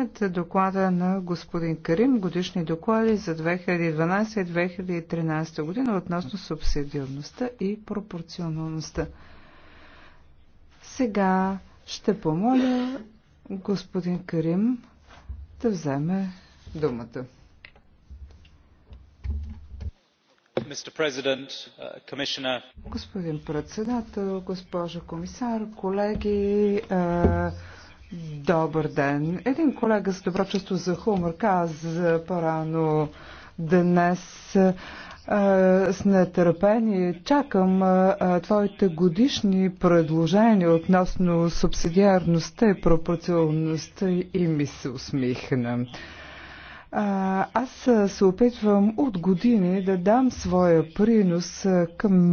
погледнете доклада на господин Карим, годишни доклади за 2012 и 2013 година относно субсидиарността и пропорционалността. Сега ще помоля господин Карим да вземе думата. Господин председател, госпожо комисар, колеги, е, Добър ден. Един колега с добро чувство за хумор каза по-рано днес с нетърпение чакам твоите годишни предложения относно субсидиарността и пропорционалността и ми се усмихна. Аз се опитвам от години да дам своя принос към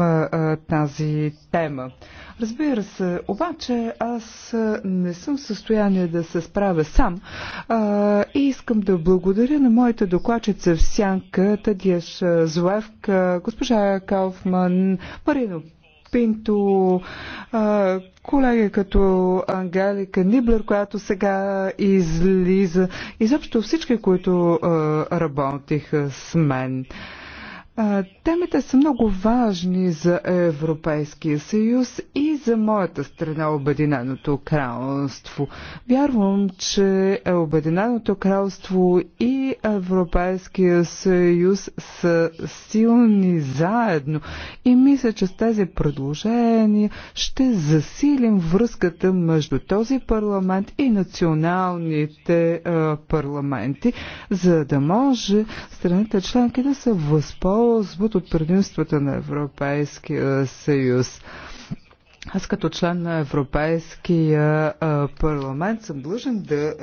тази тема. Разбира се, обаче аз не съм в състояние да се справя сам а, и искам да благодаря на моите докладчица в Сянка, Тадиеш Зоевка, госпожа Кауфман, Марино Пинто, колеги като Ангелика Ниблер, която сега излиза, изобщо всички, които работиха с мен. Темите са много важни за Европейския съюз и за моята страна, Обединеното кралство. Вярвам, че Обединеното кралство и Европейския съюз са силни заедно и мисля, че с тези предложения ще засилим връзката между този парламент и националните парламенти, за да може страните членки да се възползват възползват от предимствата на Европейския съюз. Аз като член на Европейския парламент съм длъжен да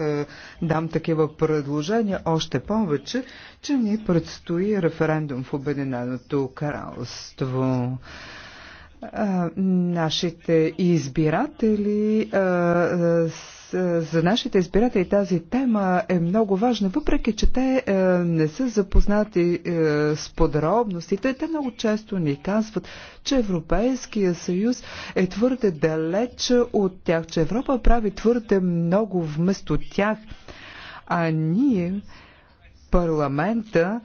дам такива предложения, още повече, че ни предстои референдум в Обединеното кралство нашите избиратели е, за нашите избиратели тази тема е много важна, въпреки че те е, не са запознати е, с подробностите. Те много често ни казват, че Европейския съюз е твърде далеч от тях, че Европа прави твърде много вместо тях. А ние парламента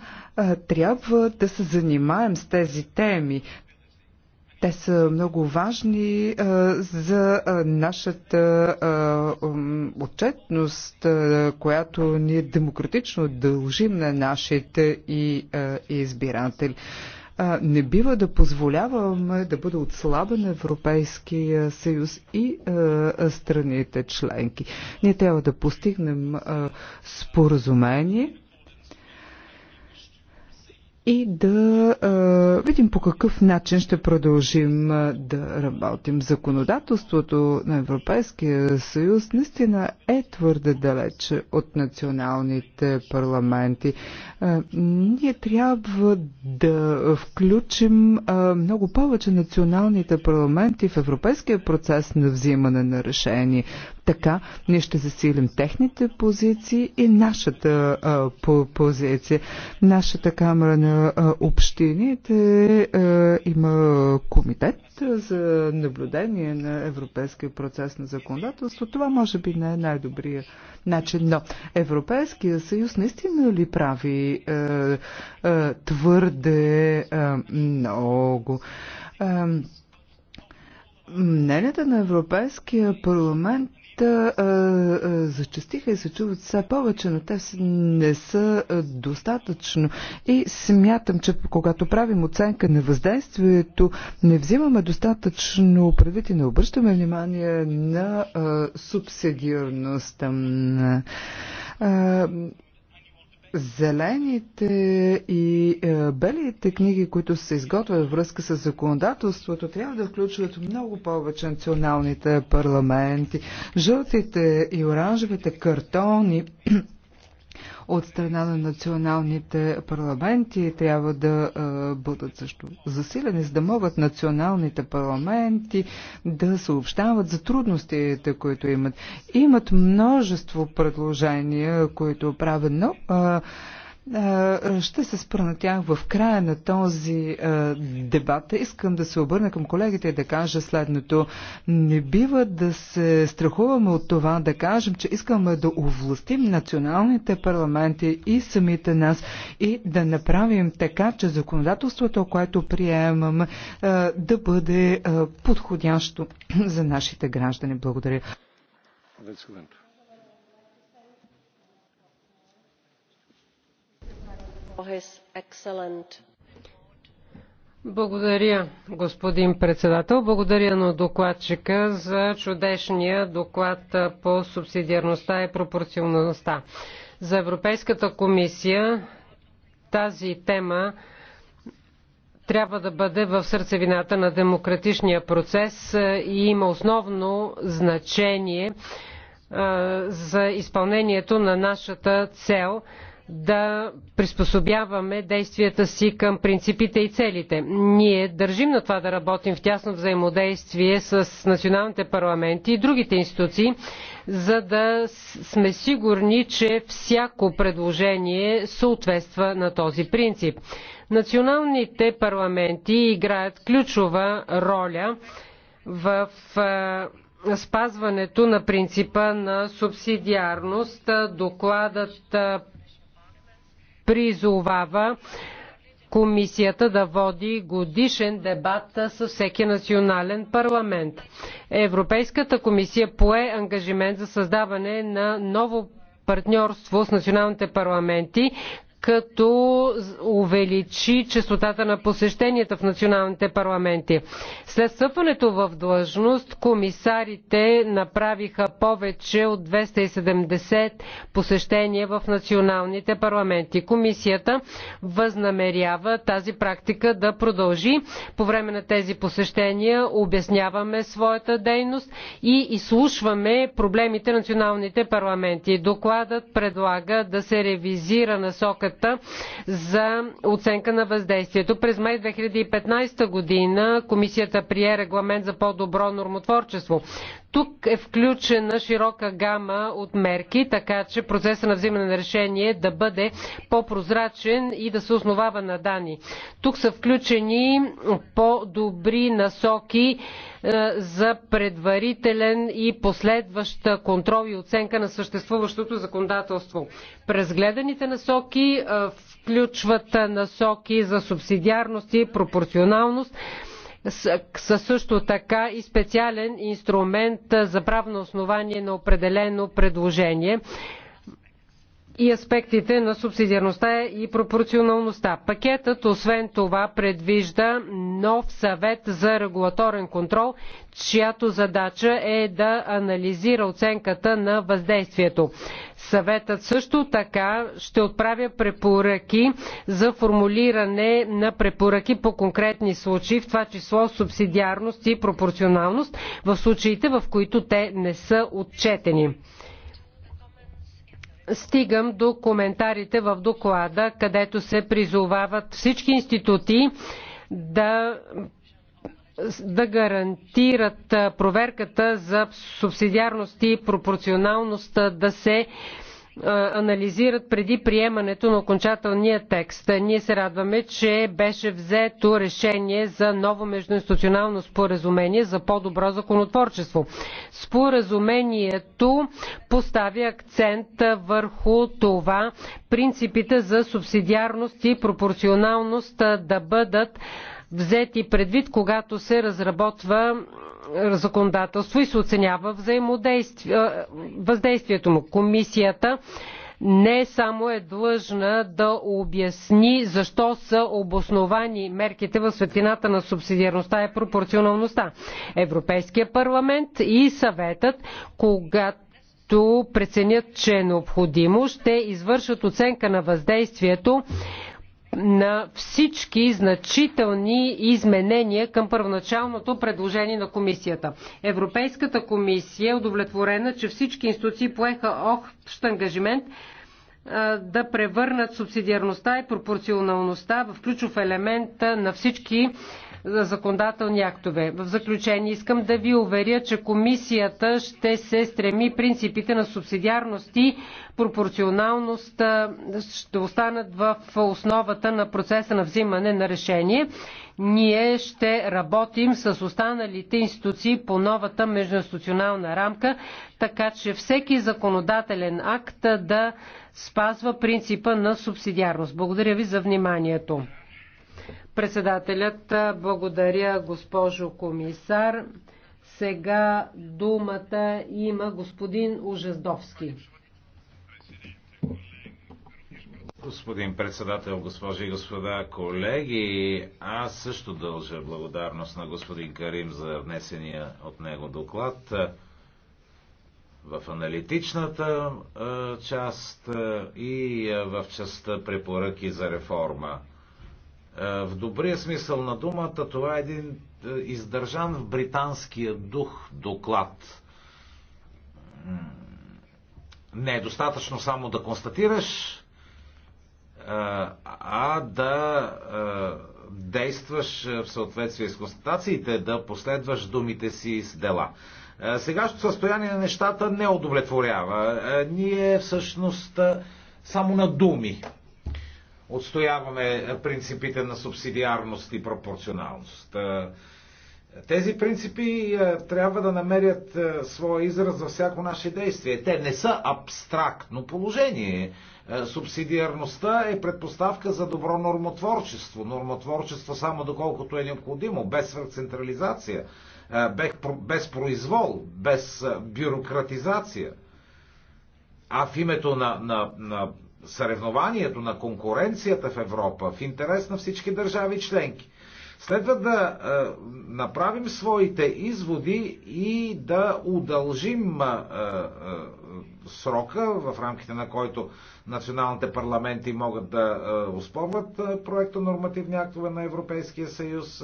трябва да се занимаем с тези теми. Те са много важни за нашата отчетност, която ние демократично дължим на нашите и избиратели не бива да позволяваме да бъде отслабен Европейския съюз и страните членки. Ние трябва да постигнем споразумение и да а, видим по какъв начин ще продължим а, да работим. Законодателството на Европейския съюз наистина е твърде далече от националните парламенти. А, ние трябва да включим а, много повече националните парламенти в европейския процес на взимане на решения. Така ние ще засилим техните позиции и нашата а, по, позиция. Нашата камера на а, общините а, има комитет за наблюдение на европейския процес на законодателство. Това може би не е най-добрия начин, но Европейския съюз наистина ли прави а, а, твърде а, много? А, Мнението на Европейския парламент Та а, а, зачастиха и се чуват все повече, но те не са а, достатъчно. И смятам, че когато правим оценка на въздействието, не взимаме достатъчно предвид и не обръщаме внимание на а, субсидиарността. А, Зелените и е, белите книги, които се изготвят във връзка с законодателството, трябва да включват много повече националните парламенти. Жълтите и оранжевите картони от страна на националните парламенти трябва да бъдат също засилени, за да могат националните парламенти да съобщават за трудностите, които имат. Имат множество предложения, които правят, но ще се спра на тях в края на този дебат. Искам да се обърна към колегите и да кажа следното. Не бива да се страхуваме от това да кажем, че искаме да овластим националните парламенти и самите нас и да направим така, че законодателството, което приемаме, да бъде подходящо за нашите граждани. Благодаря. That's Благодаря, господин председател. Благодаря на докладчика за чудесния доклад по субсидиарността и пропорционалността. За Европейската комисия тази тема трябва да бъде в сърцевината на демократичния процес и има основно значение за изпълнението на нашата цел – да приспособяваме действията си към принципите и целите. Ние държим на това да работим в тясно взаимодействие с националните парламенти и другите институции, за да сме сигурни, че всяко предложение съответства на този принцип. Националните парламенти играят ключова роля в спазването на принципа на субсидиарност. Докладът призовава комисията да води годишен дебат с всеки национален парламент. Европейската комисия пое ангажимент за създаване на ново партньорство с националните парламенти, като увеличи частотата на посещенията в националните парламенти. След стъпването в длъжност, комисарите направиха повече от 270 посещения в националните парламенти. Комисията възнамерява тази практика да продължи. По време на тези посещения обясняваме своята дейност и изслушваме проблемите на националните парламенти. Докладът предлага да се ревизира насока комисията за оценка на въздействието. През май 2015 година комисията прие регламент за по-добро нормотворчество. Тук е включена широка гама от мерки, така че процеса на взимане на решение е да бъде по-прозрачен и да се основава на данни. Тук са включени по-добри насоки е, за предварителен и последващ контрол и оценка на съществуващото законодателство. Презгледаните насоки е, включват насоки за субсидиарност и пропорционалност, са също така и специален инструмент за правно основание на определено предложение и аспектите на субсидиарността и пропорционалността. Пакетът освен това предвижда нов съвет за регулаторен контрол, чиято задача е да анализира оценката на въздействието. Съветът също така ще отправя препоръки за формулиране на препоръки по конкретни случаи, в това число субсидиарност и пропорционалност, в случаите в които те не са отчетени стигам до коментарите в доклада, където се призовават всички институти да да гарантират проверката за субсидиарност и пропорционалност да се анализират преди приемането на окончателния текст. Ние се радваме, че беше взето решение за ново междуинституционално споразумение за по-добро законотворчество. Споразумението поставя акцент върху това принципите за субсидиарност и пропорционалност да бъдат взети предвид, когато се разработва законодателство и се оценява въздействието му. Комисията не само е длъжна да обясни защо са обосновани мерките в светлината на субсидиарността и пропорционалността. Европейския парламент и съветът, когато преценят, че е необходимо, ще извършат оценка на въздействието на всички значителни изменения към първоначалното предложение на комисията. Европейската комисия е удовлетворена, че всички институции поеха общ ангажимент да превърнат субсидиарността и пропорционалността в ключов елемент на всички законодателни актове. В заключение искам да ви уверя, че комисията ще се стреми принципите на субсидиарност и пропорционалност ще останат в основата на процеса на взимане на решение ние ще работим с останалите институции по новата междуинституционална рамка, така че всеки законодателен акт да спазва принципа на субсидиарност. Благодаря ви за вниманието. Председателят, благодаря госпожо комисар. Сега думата има господин Ужездовски. Господин председател, госпожи и господа, колеги, аз също дължа благодарност на господин Карим за внесения от него доклад. В аналитичната част и в частта препоръки за реформа. В добрия смисъл на думата това е един издържан в британския дух доклад. Не е достатъчно само да констатираш а да действаш в съответствие с констатациите, да последваш думите си с дела. Сегашното състояние на нещата не удовлетворява. Ние всъщност само на думи отстояваме принципите на субсидиарност и пропорционалност. Тези принципи е, трябва да намерят е, своя израз за всяко наше действие. Те не са абстрактно положение. Е, субсидиарността е предпоставка за добро нормотворчество. Нормотворчество само доколкото е необходимо, без централизация, без произвол, без бюрократизация. А в името на, на, на съревнованието, на конкуренцията в Европа, в интерес на всички държави членки – Следва да направим своите изводи и да удължим срока, в рамките на който националните парламенти могат да успорват проекта нормативни актове на Европейския съюз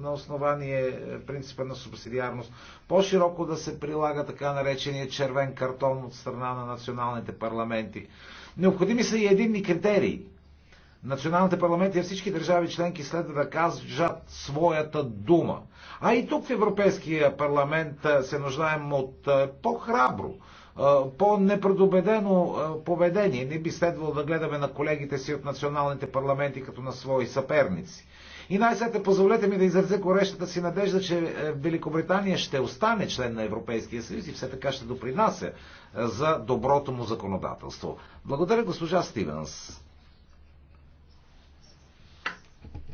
на основание е, принципа на субсидиарност, по-широко да се прилага така наречения червен картон от страна на националните парламенти. Необходими са и единни критерии – националните парламенти и всички държави членки следва да кажат своята дума. А и тук в Европейския парламент се нуждаем от по-храбро, по-непредобедено поведение. Не би следвало да гледаме на колегите си от националните парламенти като на свои съперници. И най-сетне позволете ми да изразя горещата си надежда, че е, Великобритания ще остане член на Европейския съюз и все така ще допринася за доброто му законодателство. Благодаря госпожа Стивенс.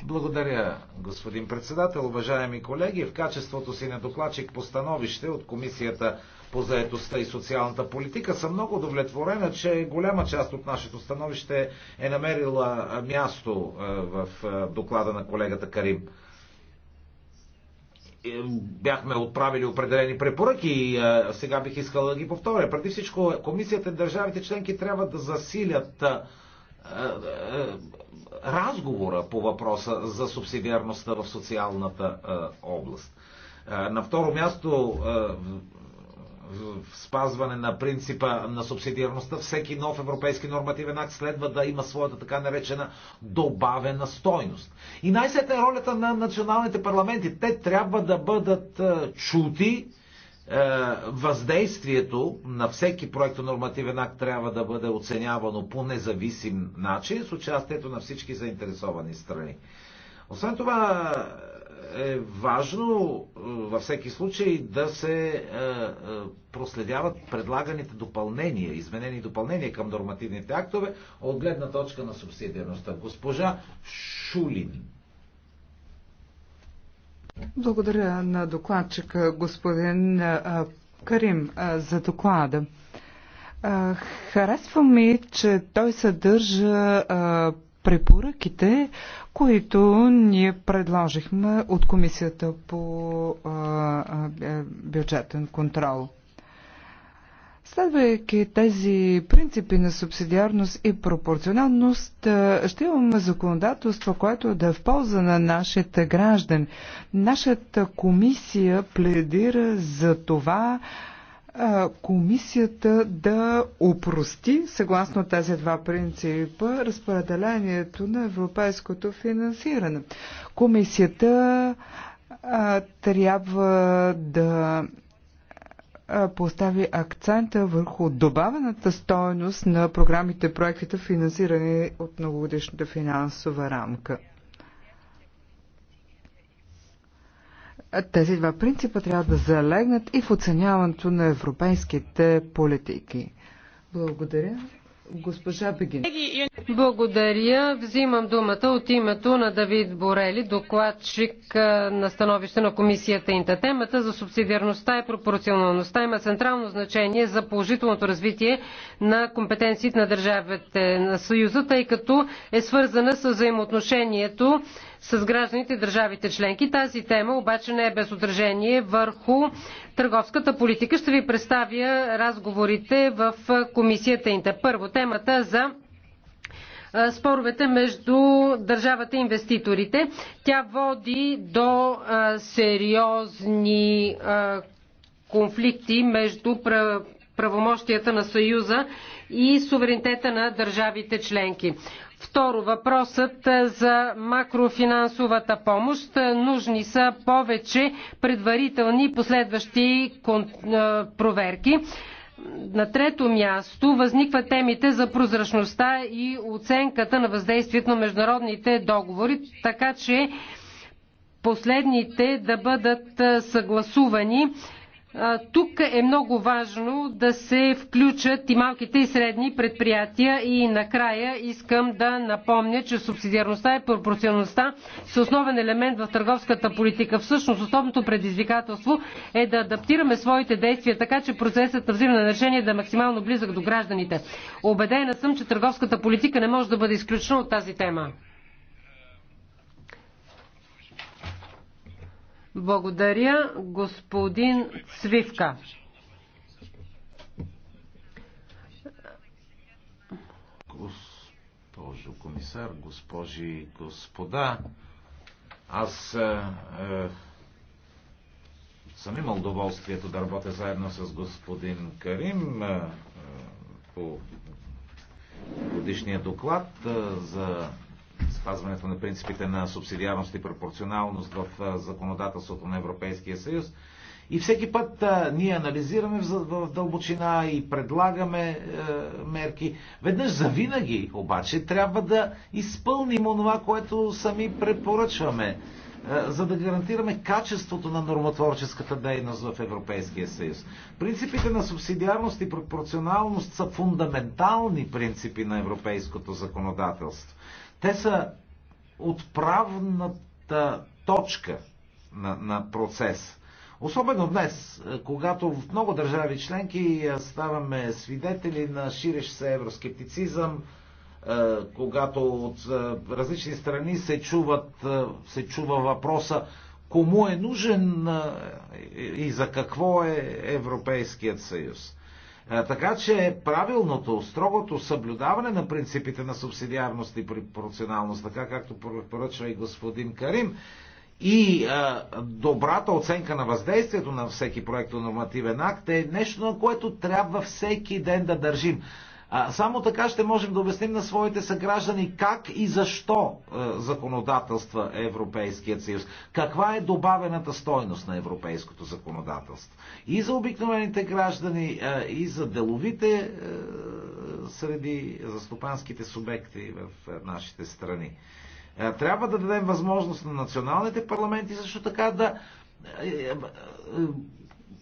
Благодаря, господин председател. Уважаеми колеги, в качеството си на докладчик по становище от Комисията по заедостта и социалната политика съм много удовлетворена, че голяма част от нашето становище е намерила място в доклада на колегата Карим бяхме отправили определени препоръки и сега бих искал да ги повторя. Преди всичко, комисията и държавите членки трябва да засилят разговора по въпроса за субсидиарността в социалната е, област. Е, на второ място, е, в спазване на принципа на субсидиарността, всеки нов европейски нормативен акт следва да има своята така наречена добавена стойност. И най-сетна е ролята на националните парламенти. Те трябва да бъдат чути, е, въздействието на всеки проект нормативен акт трябва да бъде оценявано по независим начин с участието на всички заинтересовани страни. Освен това е, е важно е, във всеки случай да се проследяват предлаганите допълнения, изменени допълнения към нормативните актове от гледна точка на субсидиарността. Госпожа Шулин. Благодаря на докладчика господин Карим за доклада. Харесва ми, че той съдържа препоръките, които ние предложихме от Комисията по бюджетен контрол. Следвайки тези принципи на субсидиарност и пропорционалност, ще имаме законодателство, което да е в полза на нашите граждани. Нашата комисия пледира за това, комисията да опрости, съгласно тези два принципа, разпределението на европейското финансиране. Комисията а, трябва да постави акцента върху добавената стойност на програмите, проектите, финансирани от многогодишната финансова рамка. Тези два принципа трябва да залегнат и в оценяването на европейските политики. Благодаря. Госпожа Бегин. Благодаря. Взимам думата от името на Давид Борели, докладчик на становище на комисията Инта. Темата за субсидиарността и пропорционалността има централно значение за положителното развитие на компетенциите на държавите на Съюза, тъй като е свързана с взаимоотношението с гражданите и държавите членки. Тази тема обаче не е без отражение върху търговската политика. Ще ви представя разговорите в комисията Инте. Първо, темата за споровете между държавата и инвеститорите. Тя води до сериозни конфликти между правомощията на Съюза и суверенитета на държавите членки. Второ, въпросът е, за макрофинансовата помощ. Е, нужни са повече предварителни последващи е, проверки. На трето място възникват темите за прозрачността и оценката на въздействието на международните договори, така че последните да бъдат съгласувани тук е много важно да се включат и малките и средни предприятия и накрая искам да напомня, че субсидиарността и пропорционалността са основен елемент в търговската политика. Всъщност основното предизвикателство е да адаптираме своите действия така, че процесът на взимане на решение да е максимално близък до гражданите. Обедена съм, че търговската политика не може да бъде изключена от тази тема. Благодаря, господин Цвивка. Госпожо комисар, госпожи и господа, аз е, е, съм имал удоволствието да работя заедно с господин Карим е, е по годишния доклад е, за спазването на принципите на субсидиарност и пропорционалност в законодателството на Европейския съюз. И всеки път а, ние анализираме в, в дълбочина и предлагаме е, мерки. Веднъж за винаги обаче трябва да изпълним онова, което сами препоръчваме, е, за да гарантираме качеството на нормотворческата дейност в Европейския съюз. Принципите на субсидиарност и пропорционалност са фундаментални принципи на европейското законодателство. Те са отправната точка на, на процес. Особено днес, е, когато в много държави членки е, ставаме свидетели на ширещ се евроскептицизъм, е, когато от различни страни се, чуват, се чува въпроса кому е нужен и за какво е Европейският съюз. Е, така че правилното, строгото съблюдаване на принципите на субсидиарност и пропорционалност, така както поръчва и господин Карим, и а, е, добрата оценка на въздействието на всеки проект нормативен акт е нещо, на което трябва всеки ден да държим. Само така ще можем да обясним на своите съграждани как и защо е, законодателства Европейският съюз. Каква е добавената стойност на европейското законодателство. И за обикновените граждани, е, и за деловите е, среди, за стопанските субекти в нашите страни. Трябва да дадем възможност на националните парламенти също така да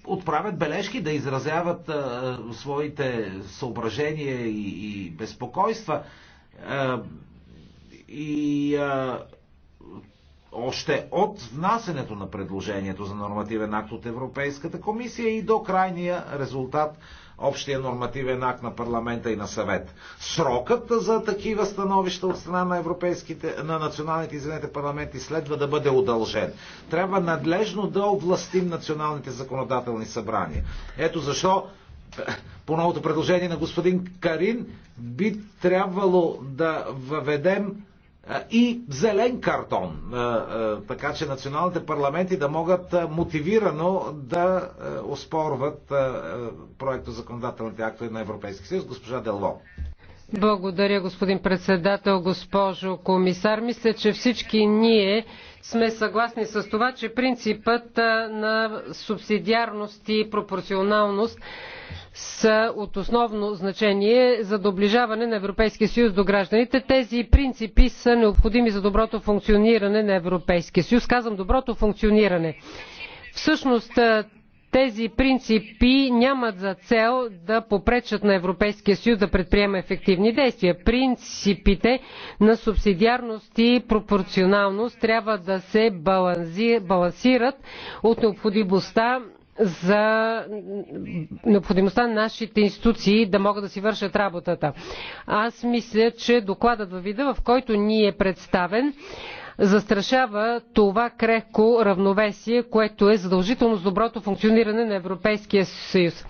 отправят бележки, да изразяват а, своите съображения и, и безпокойства. А, и а, още от внасенето на предложението за нормативен акт от Европейската комисия и до крайния резултат общия нормативен акт на парламента и на съвет. Срокът за такива становища от страна на, европейските, на националните извинете, парламенти следва да бъде удължен. Трябва надлежно да овластим националните законодателни събрания. Ето защо по новото предложение на господин Карин би трябвало да въведем и зелен картон, така че националните парламенти да могат мотивирано да оспорват проекто законодателните актове на Европейския съюз. Госпожа Делво. Благодаря, господин председател, госпожо комисар. Мисля, че всички ние сме съгласни с това, че принципът на субсидиарност и пропорционалност са от основно значение за доближаване на Европейския съюз до гражданите. Тези принципи са необходими за доброто функциониране на Европейския съюз. Казвам доброто функциониране. Всъщност тези принципи нямат за цел да попречат на Европейския съюз да предприема ефективни действия. Принципите на субсидиарност и пропорционалност трябва да се балансират от необходимостта за необходимостта на нашите институции да могат да си вършат работата. Аз мисля, че докладът във вида, в който ни е представен, застрашава това крехко равновесие, което е задължително с доброто функциониране на Европейския съюз.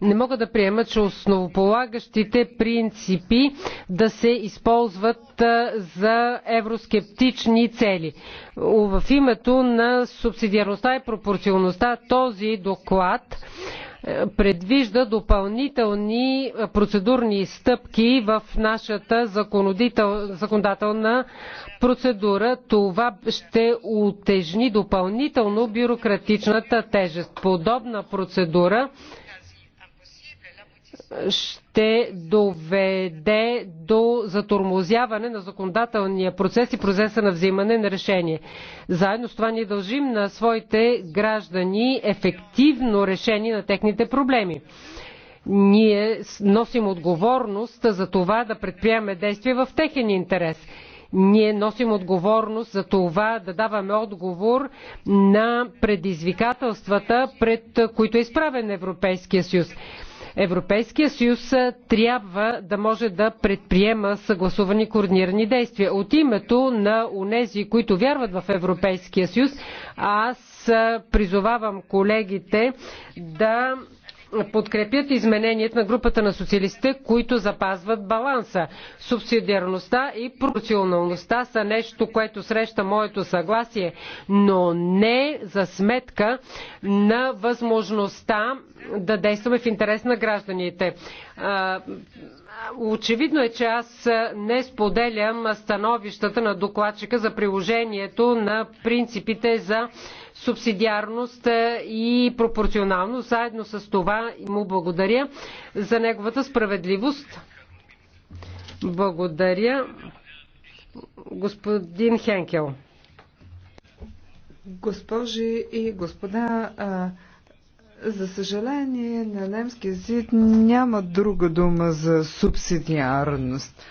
Не мога да приема, че основополагащите принципи да се използват за евроскептични цели. В името на субсидиарността и пропорционалността този доклад предвижда допълнителни процедурни стъпки в нашата законодателна процедура. Това ще утежни допълнително бюрократичната тежест. Подобна процедура ще доведе до затормозяване на законодателния процес и процеса на взимане на решение. Заедно с това ние дължим на своите граждани ефективно решение на техните проблеми. Ние носим отговорност за това да предприемаме действия в техен интерес ние носим отговорност за това да даваме отговор на предизвикателствата, пред които е изправен Европейския съюз. Европейския съюз трябва да може да предприема съгласувани координирани действия. От името на унези, които вярват в Европейския съюз, аз призовавам колегите да подкрепят изменението на групата на социалистите, които запазват баланса. Субсидиарността и пропорционалността са нещо, което среща моето съгласие, но не за сметка на възможността да действаме в интерес на гражданите. Очевидно е, че аз не споделям становищата на докладчика за приложението на принципите за субсидиарност е, и пропорционалност, Заедно с това му благодаря за неговата справедливост. Благодаря. Господин Хенкел. Госпожи и господа, а, за съжаление на немски език няма друга дума за субсидиарност.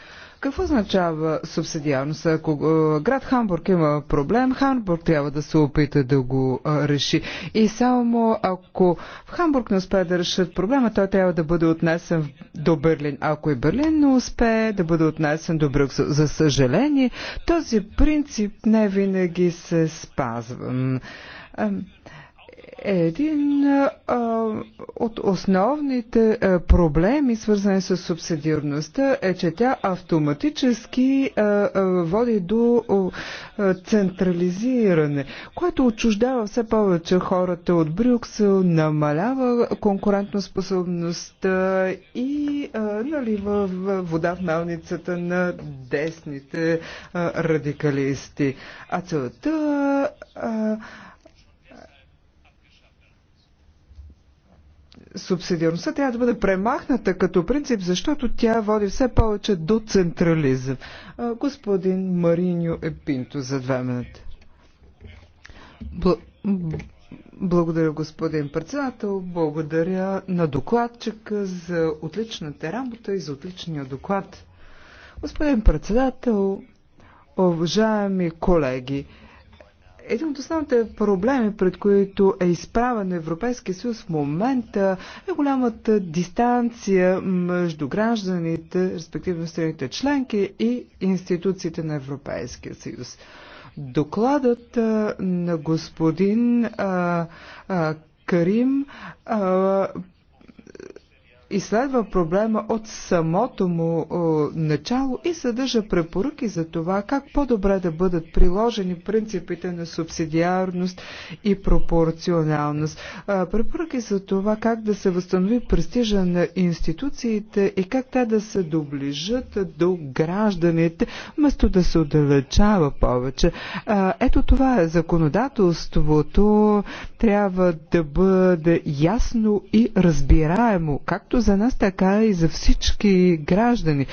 Какво означава субсидиарност? Ако град Хамбург има проблем, Хамбург трябва да се опита да го реши. И само ако в Хамбург не успее да решат проблема, той трябва да бъде отнесен до Берлин. Ако и Берлин не успее да бъде отнесен до Брюксел. За съжаление, този принцип не винаги се спазва един а, от основните а, проблеми, свързани с субсидиарността, е, че тя автоматически а, а, води до а, централизиране, което отчуждава все повече хората от Брюксел, намалява конкурентоспособността и а, налива вода в малницата на десните а, радикалисти. А целта. А, субсидиарността трябва да бъде премахната като принцип, защото тя води все повече до централизъм. Господин Мариньо Епинто за две минути. Благодаря, господин председател. Благодаря на докладчика за отличната работа и за отличния доклад. Господин председател, уважаеми колеги, един от основните проблеми, пред които е изправен Европейския съюз в момента, е голямата дистанция между гражданите, респективно страните членки и институциите на Европейския съюз. Докладът на господин а, а, Карим а, изследва проблема от самото му начало и съдържа препоръки за това как по-добре да бъдат приложени принципите на субсидиарност и пропорционалност. Препоръки за това как да се възстанови престижа на институциите и как те да се доближат до гражданите, вместо да се отдалечава повече. Ето това е законодателството трябва да бъде ясно и разбираемо, както за нас, така и за всички граждани.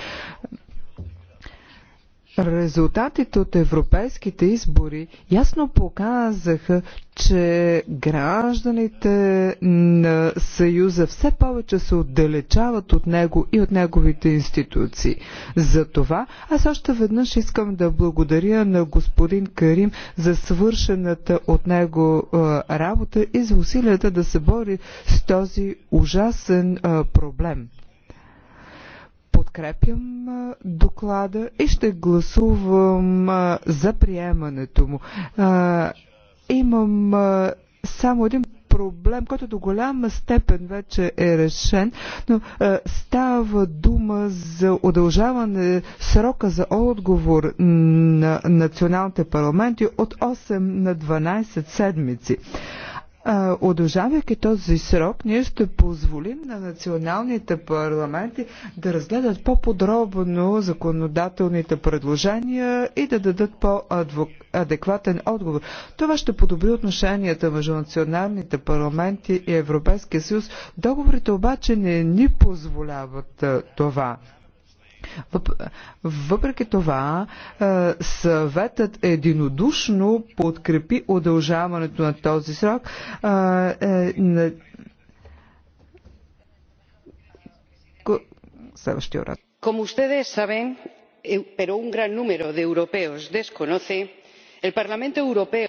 Резултатите от европейските избори ясно показаха, че гражданите на Съюза все повече се отдалечават от него и от неговите институции. За това аз още веднъж искам да благодаря на господин Карим за свършената от него работа и за усилията да се бори с този ужасен проблем подкрепям доклада и ще гласувам за приемането му. Имам само един проблем, който до голяма степен вече е решен, но става дума за удължаване срока за отговор на националните парламенти от 8 на 12 седмици. Удължавайки този срок, ние ще позволим на националните парламенти да разгледат по-подробно законодателните предложения и да дадат по-адекватен отговор. Това ще подобри отношенията между националните парламенти и Европейския съюз. Договорите обаче не ни позволяват това. Въпреки това, е, съветът единодушно подкрепи удължаването на този срок е, е, на следващия оратор. Como ustedes saben, pero un gran número de europeos desconoce, el Parlamento Europeo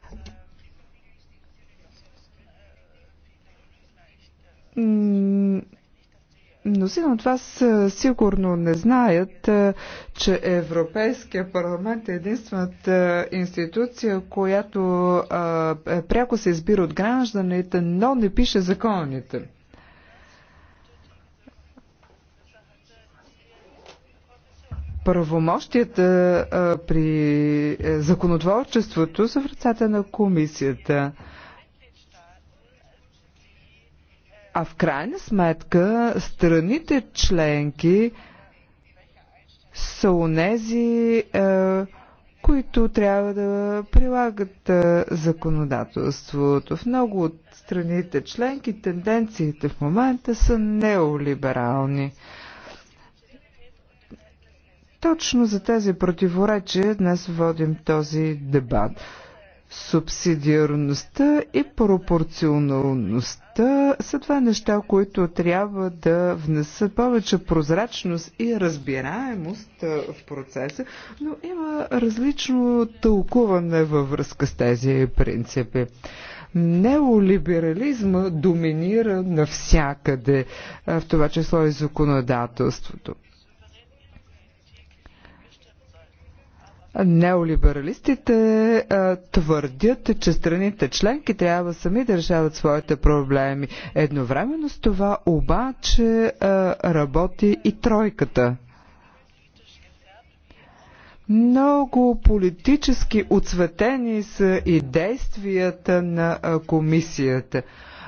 Мнозина от вас е, сигурно не знаят, е, че Европейския парламент е единствената е, институция, която пряко се избира от гражданите, но не пише законите. Правомощията при законотворчеството са в ръцата на комисията. А в крайна сметка страните членки са унези, е, които трябва да прилагат е, законодателството. В много от страните членки тенденциите в момента са неолиберални. Точно за тези противоречия днес водим този дебат. Субсидиарността и пропорционалността са това неща, които трябва да внесат повече прозрачност и разбираемост в процеса, но има различно тълкуване във връзка с тези принципи неолиберализма доминира навсякъде, в това число и законодателството. Неолибералистите твърдят, че страните членки трябва сами да решават своите проблеми. Едновременно с това обаче работи и тройката. Много политически оцветени са и действията на комисията.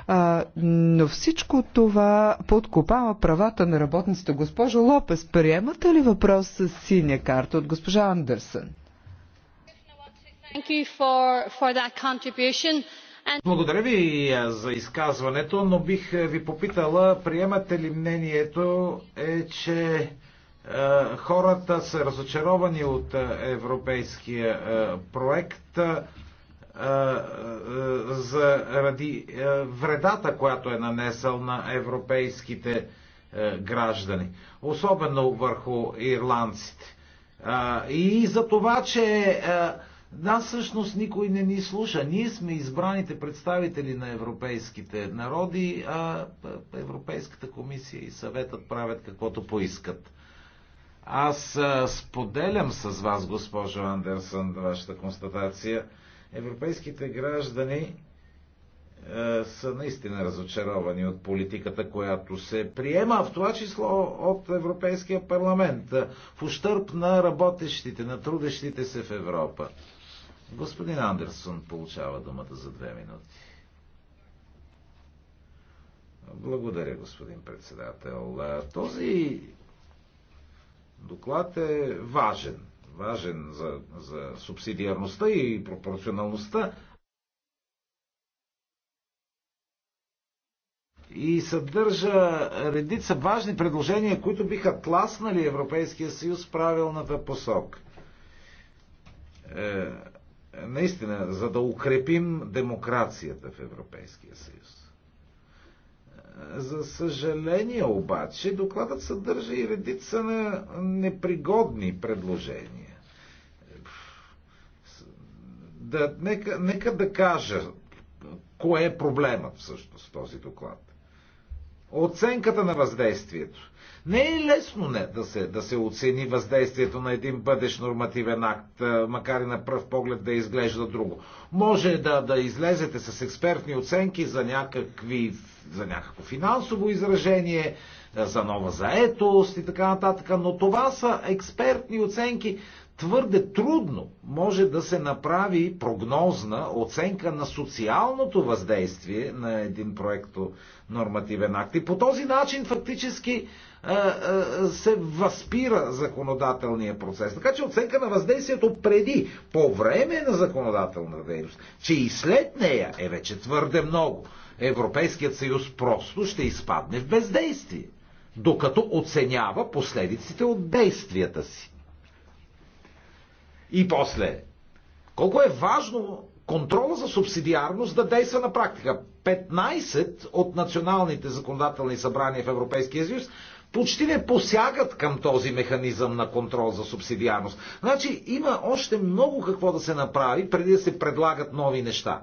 А, но всичко това подкопава правата на работниците. Госпожо Лопес, приемате ли въпрос с синя карта от госпожа Андерсън? Благодаря ви за изказването, но бих ви попитала, приемате ли мнението е, че хората са разочаровани от европейския проект заради вредата, която е нанесъл на европейските граждани, особено върху ирландците. И за това, че нас всъщност никой не ни слуша. Ние сме избраните представители на европейските народи, а Европейската комисия и съветът правят каквото поискат. Аз споделям с вас, госпожо Андерсън, вашата констатация. Европейските граждани са наистина разочаровани от политиката, която се приема, в това число от Европейския парламент, в ущърп на работещите, на трудещите се в Европа. Господин Андерсон получава думата за две минути. Благодаря, господин председател. Този доклад е важен. Важен за, за субсидиарността и пропорционалността. И съдържа редица важни предложения, които биха тласнали Европейския съюз в правилната посока е, наистина, за да укрепим демокрацията в Европейския съюз. За съжаление обаче, докладът съдържа и редица на непригодни предложения. Да, нека, нека да кажа кое е проблемът всъщност този доклад. Оценката на въздействието. Не е лесно не, да, се, да се оцени въздействието на един бъдещ нормативен акт, макар и на пръв поглед да изглежда друго. Може да, да излезете с експертни оценки за, някакви, за някакво финансово изражение, за нова заетост и така нататък, но това са експертни оценки, твърде трудно може да се направи прогнозна оценка на социалното въздействие на един проекто нормативен акт. И по този начин фактически е, е, се възпира законодателния процес. Така че оценка на въздействието преди, по време на законодателна дейност, че и след нея е вече твърде много. Европейският съюз просто ще изпадне в бездействие, докато оценява последиците от действията си и после. Колко е важно контрола за субсидиарност да действа на практика. 15 от националните законодателни събрания в Европейския съюз почти не посягат към този механизъм на контрол за субсидиарност. Значи има още много какво да се направи преди да се предлагат нови неща.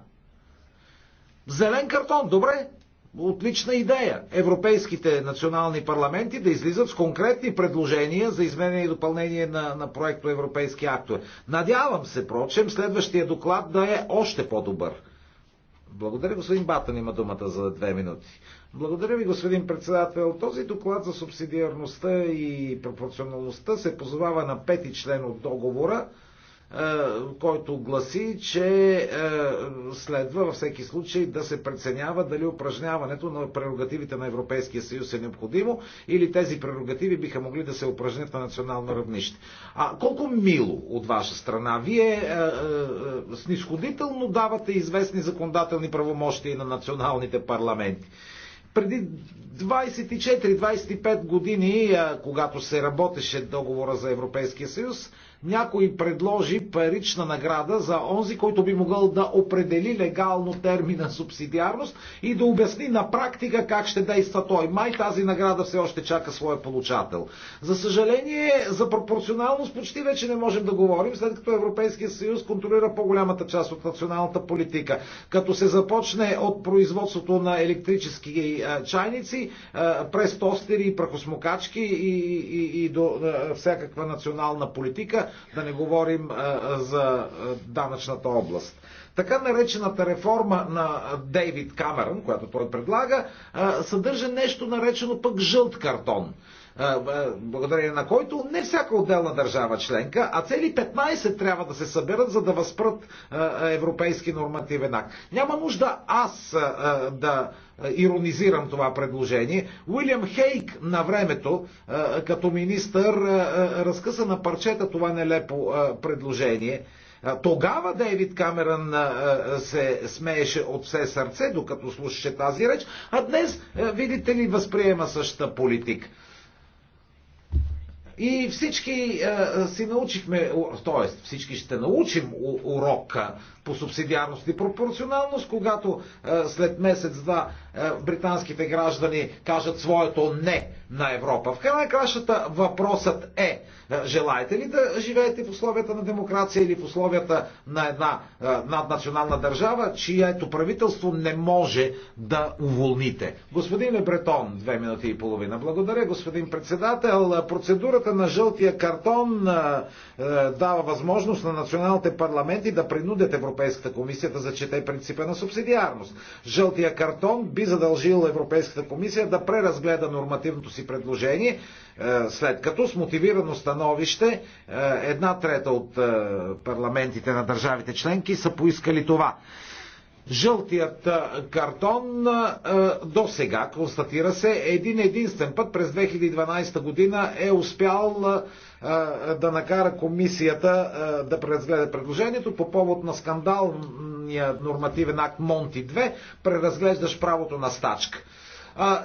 Зелен картон, добре, отлична идея европейските национални парламенти да излизат с конкретни предложения за изменение и допълнение на, на проекто Европейски актове. Надявам се, прочем, следващия доклад да е още по-добър. Благодаря, господин Батън има думата за две минути. Благодаря ви, господин председател. Този доклад за субсидиарността и пропорционалността се позовава на пети член от договора, е, който гласи, че е, следва във всеки случай да се преценява дали упражняването на прерогативите на Европейския съюз е необходимо или тези прерогативи биха могли да се упражнят на национално равнище. А колко мило от ваша страна? Вие е, снисходително давате известни законодателни правомощи на националните парламенти преди 24-25 години, когато се работеше договора за Европейския съюз, някой предложи парична награда за онзи, който би могъл да определи легално термина субсидиарност и да обясни на практика как ще действа той. Май тази награда все още чака своя получател. За съжаление, за пропорционалност почти вече не можем да говорим, след като Европейския съюз контролира по-голямата част от националната политика. Като се започне от производството на електрически е, чайници, е, през тостери и прахосмокачки и, и, и до е, всякаква национална политика, да не говорим за данъчната област. Така наречената реформа на Дейвид Камерън, която той предлага, съдържа нещо наречено пък жълт картон благодарение на който не всяка отделна държава членка, а цели 15 трябва да се съберат, за да възпрат европейски нормативен акт. Няма нужда аз да иронизирам това предложение. Уилям Хейк на времето, като министър, разкъса на парчета това нелепо предложение. Тогава Дейвид Камерън се смееше от все сърце, докато слушаше тази реч, а днес, видите ли, възприема същата политика. И всички а, си научихме, т.е. всички ще научим урока по субсидиарност и пропорционалност, когато е, след месец-два е, британските граждани кажат своето не на Европа. В крайна кращата въпросът е, е, желаете ли да живеете в условията на демокрация или в условията на една наднационална държава, чието правителство не може да уволните? Господин Лебретон, две минути и половина. Благодаря, господин председател. Процедурата на жълтия картон дава възможност на националните парламенти да принудят европейски. Европейската комисия да зачете принципа на субсидиарност. Жълтия картон би задължил Европейската комисия да преразгледа нормативното си предложение, е, след като с мотивирано становище е, една трета от е, парламентите на държавите членки са поискали това. Жълтият картон до сега, констатира се, един единствен път през 2012 година е успял да накара комисията да преразгледа предложението по повод на скандалния нормативен акт Монти 2, преразглеждаш правото на стачка.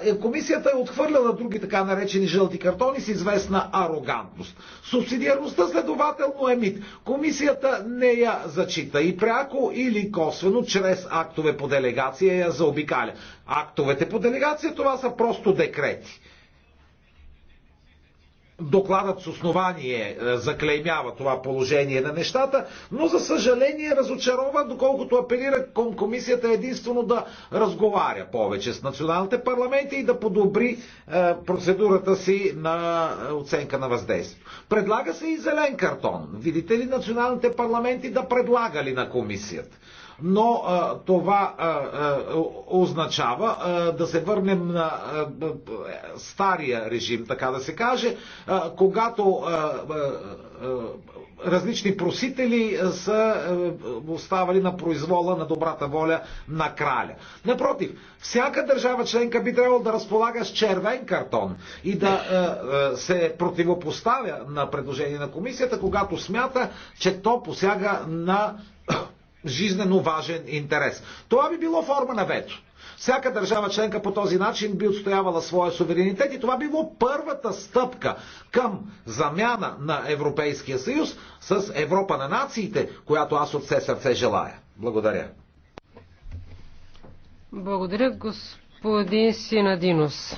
Е, комисията е отхвърляла други така наречени жълти картони с известна арогантност. Субсидиарността следователно е мит. Комисията не я зачита и пряко или косвено, чрез актове по делегация я заобикаля. Актовете по делегация това са просто декрети Докладът с основание е, заклеймява това положение на нещата, но за съжаление разочарова, доколкото апелира към комисията единствено да разговаря повече с националните парламенти и да подобри е, процедурата си на е, оценка на въздействието. Предлага се и зелен картон. Видите ли националните парламенти да предлагали на комисията? но а, това а, а, означава а, да се върнем на а, стария режим, така да се каже, а, когато а, а, различни просители са оставали на произвола на добрата воля на краля. Напротив, всяка държава членка би трябвало да разполага с червен картон и да се противопоставя на предложение на комисията, когато смята, че то посяга на жизнено важен интерес. Това би било форма на вето. Всяка държава членка по този начин би отстоявала своя суверенитет и това било първата стъпка към замяна на Европейския съюз с Европа на нациите, която аз от все сърце желая. Благодаря. Благодаря, господин Синадинос.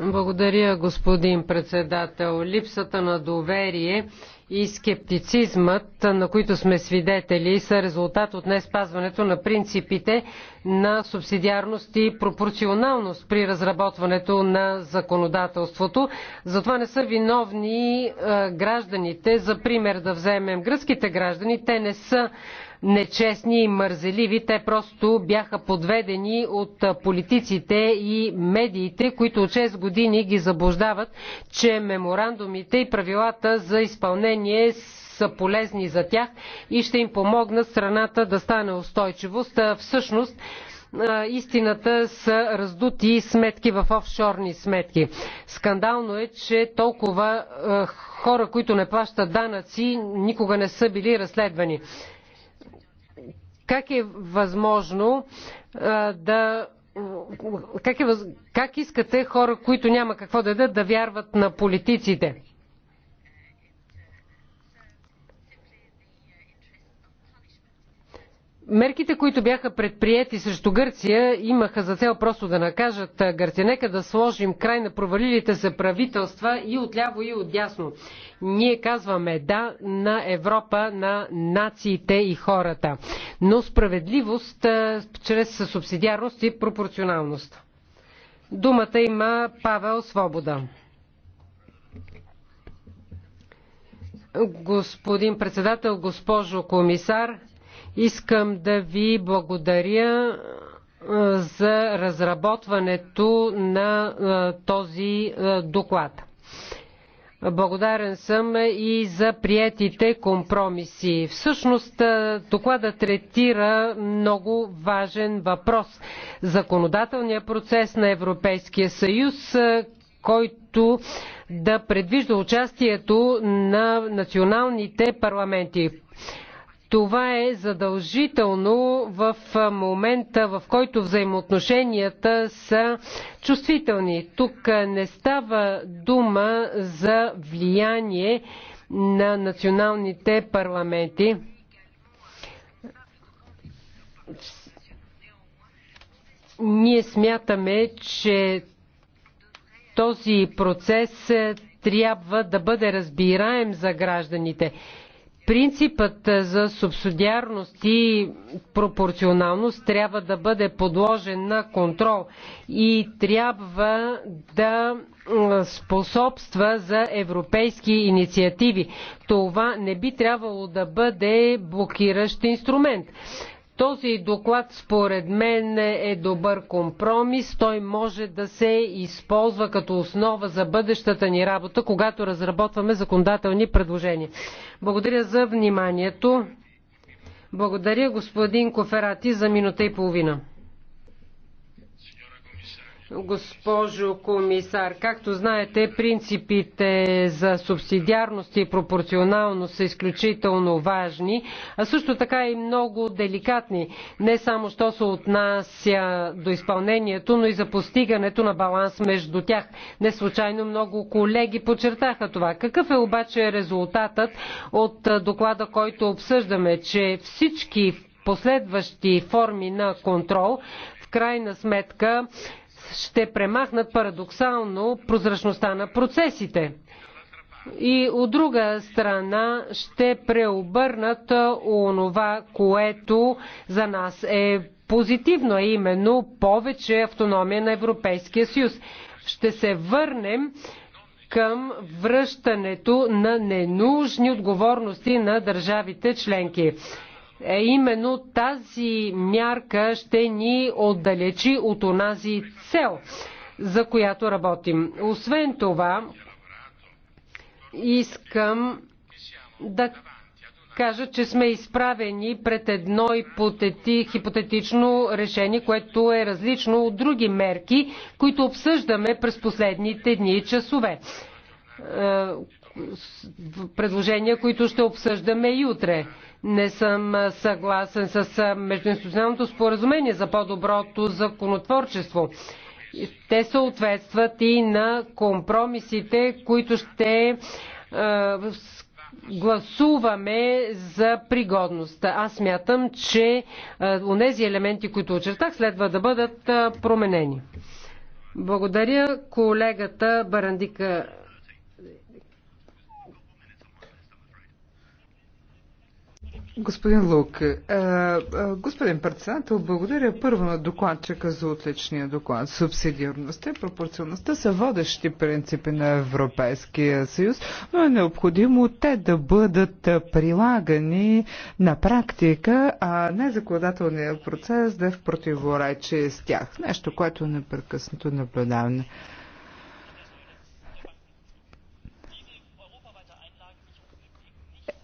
Благодаря, господин председател. Липсата на доверие и скептицизмът, на които сме свидетели, са резултат от неспазването на принципите на субсидиарност и пропорционалност при разработването на законодателството. Затова не са виновни гражданите. За пример да вземем гръцките граждани. Те не са нечестни и мързеливи. Те просто бяха подведени от политиците и медиите, които от 6 години ги заблуждават, че меморандумите и правилата за изпълнение са полезни за тях и ще им помогнат страната да стане устойчивост. Всъщност, истината са раздути сметки в офшорни сметки. Скандално е, че толкова хора, които не плащат данъци, никога не са били разследвани как е възможно да. Как, е, как искате хора, които няма какво да дадат, да вярват на политиците? Мерките, които бяха предприети срещу Гърция, имаха за цел просто да накажат Гърция. Нека да сложим край на провалилите се правителства и отляво и отдясно. Ние казваме да на Европа, на нациите и хората. Но справедливост чрез субсидиарност и пропорционалност. Думата има Павел Свобода. Господин председател, госпожо комисар, Искам да ви благодаря за разработването на този доклад. Благодарен съм и за приетите компромиси. Всъщност доклада третира много важен въпрос. Законодателния процес на Европейския съюз, който да предвижда участието на националните парламенти. Това е задължително в момента, в който взаимоотношенията са чувствителни. Тук не става дума за влияние на националните парламенти. Ние смятаме, че този процес трябва да бъде разбираем за гражданите. Принципът е, за субсидиарност и пропорционалност трябва да бъде подложен на контрол и трябва да способства за европейски инициативи. Това не би трябвало да бъде блокиращ инструмент. Този доклад според мен е добър компромис. Той може да се използва като основа за бъдещата ни работа, когато разработваме законодателни предложения. Благодаря за вниманието. Благодаря господин Коферати за минута и половина. Госпожо комисар, както знаете, принципите за субсидиарност и пропорционалност са изключително важни, а също така и много деликатни, не само що се отнася до изпълнението, но и за постигането на баланс между тях. Не случайно много колеги подчертаха това. Какъв е обаче резултатът от доклада, който обсъждаме, че всички последващи форми на контрол в крайна сметка ще премахнат парадоксално прозрачността на процесите. И от друга страна ще преобърнат онова, което за нас е позитивно, а именно повече автономия на Европейския съюз. Ще се върнем към връщането на ненужни отговорности на държавите членки е именно тази мярка ще ни отдалечи от онази цел, за която работим. Освен това, искам да кажа, че сме изправени пред едно ипотети, хипотетично решение, което е различно от други мерки, които обсъждаме през последните дни и часове е, предложения, които ще обсъждаме и утре. Не съм съгласен с междуинституционалното споразумение за по-доброто законотворчество. Те съответстват и на компромисите, които ще гласуваме за пригодност. Аз мятам, че у нези елементи, които очертах, следва да бъдат променени. Благодаря колегата Барандика Господин Лук, е, е, господин председател, благодаря първо на докладчика за отличния доклад. Субсидиарността и пропорционността са водещи принципи на Европейския съюз, но е необходимо те да бъдат прилагани на практика, а не законодателният процес да е в противоречие с тях. Нещо, което е непрекъснато наблюдаваме.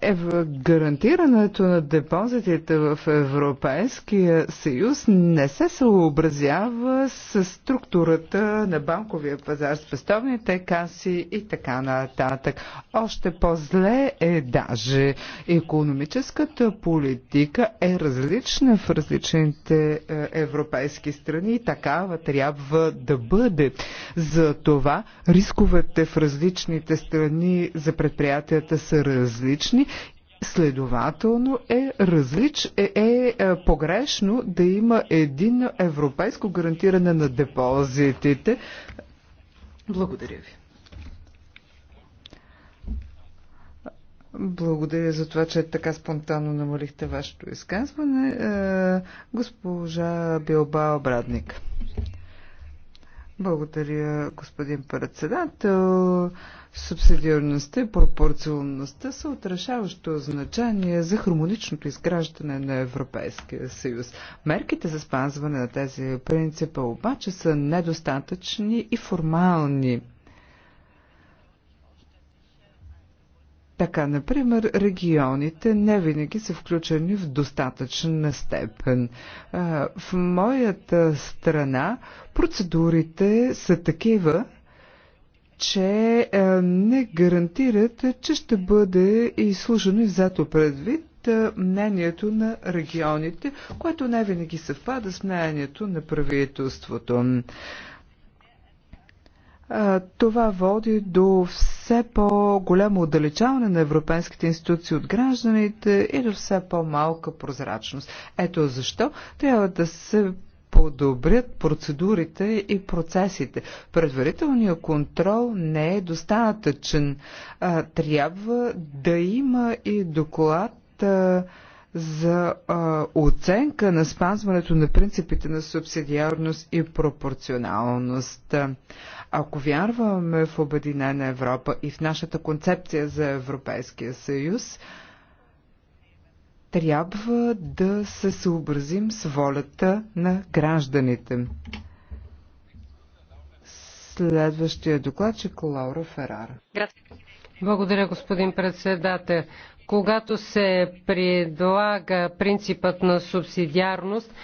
Е, гарантирането на депозитите в Европейския съюз не се съобразява с структурата на банковия пазар, с пестовните каси и така нататък. Още по-зле е даже економическата политика е различна в различните е, европейски страни и такава трябва да бъде. За това рисковете в различните страни за предприятията са различни Следователно е различ, е, е, е погрешно да има един европейско гарантиране на депозитите. Благодаря ви. Благодаря за това, че така спонтанно намалихте вашето изказване. Е, госпожа Билбао Брадник. Благодаря, господин председател. Субсидиарността и пропорционалността са отрешаващо значение за хармоничното изграждане на Европейския съюз. Мерките за спазване на тези принципа обаче са недостатъчни и формални. Така, например, регионите не винаги са включени в достатъчна степен. В моята страна процедурите са такива, че не гарантират, че ще бъде изслужено и взето предвид мнението на регионите, което не винаги съвпада с мнението на правителството. Това води до все по-голямо отдалечаване на европейските институции от гражданите и до все по-малка прозрачност. Ето защо трябва да се подобрят процедурите и процесите. Предварителният контрол не е достатъчен. Трябва да има и доклад за а, оценка на спазването на принципите на субсидиарност и пропорционалност. Ако вярваме в Обединена Европа и в нашата концепция за Европейския съюз, трябва да се съобразим с волята на гражданите. Следващия доклад е Лаура Ферара. Благодаря, господин председател. Когато се предлага принципът на субсидиарност,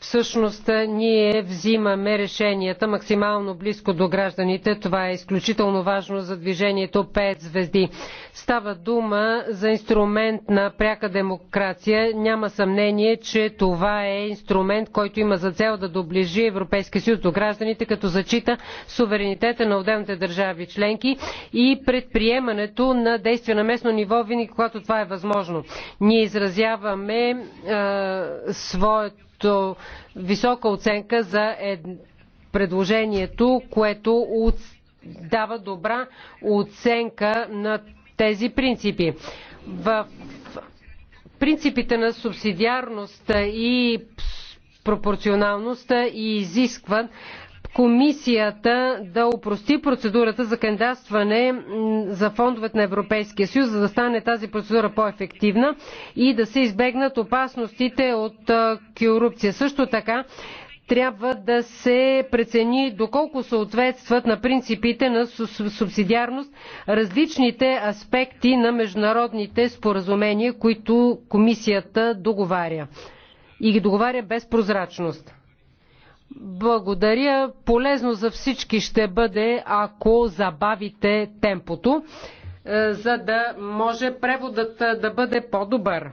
Всъщност ние взимаме решенията максимално близко до гражданите. Това е изключително важно за движението 5 звезди. Става дума за инструмент на пряка демокрация. Няма съмнение, че това е инструмент, който има за цел да доближи Европейския съюз до гражданите, като зачита суверенитета на отделните държави членки и предприемането на действия на местно ниво, винаги когато това е възможно. Ние изразяваме е, своето високо, висока оценка за ед... предложението, което от... дава добра оценка на тези принципи. В принципите на субсидиарност и пропорционалност и изискват комисията да упрости процедурата за кандидатстване за фондовете на Европейския съюз, за да стане тази процедура по-ефективна и да се избегнат опасностите от корупция. Също така трябва да се прецени доколко съответстват на принципите на субсидиарност различните аспекти на международните споразумения, които комисията договаря. И ги договаря без прозрачност. Благодаря. Полезно за всички ще бъде, ако забавите темпото, е, за да може преводът е, да бъде по-добър.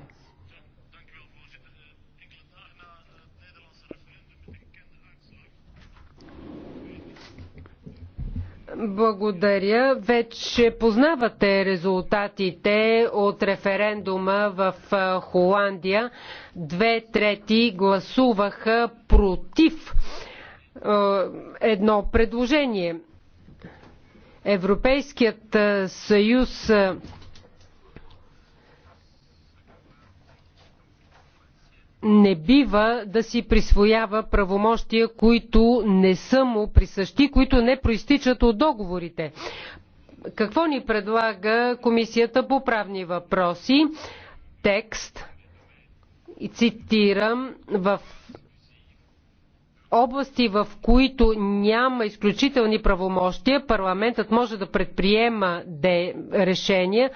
Благодаря. Вече познавате резултатите от референдума в Холандия. Две трети гласуваха против едно предложение. Европейският съюз не бива да си присвоява правомощия, които не са му присъщи, които не проистичат от договорите. Какво ни предлага Комисията по правни въпроси? Текст, цитирам, в области, в които няма изключителни правомощия, парламентът може да предприема решения,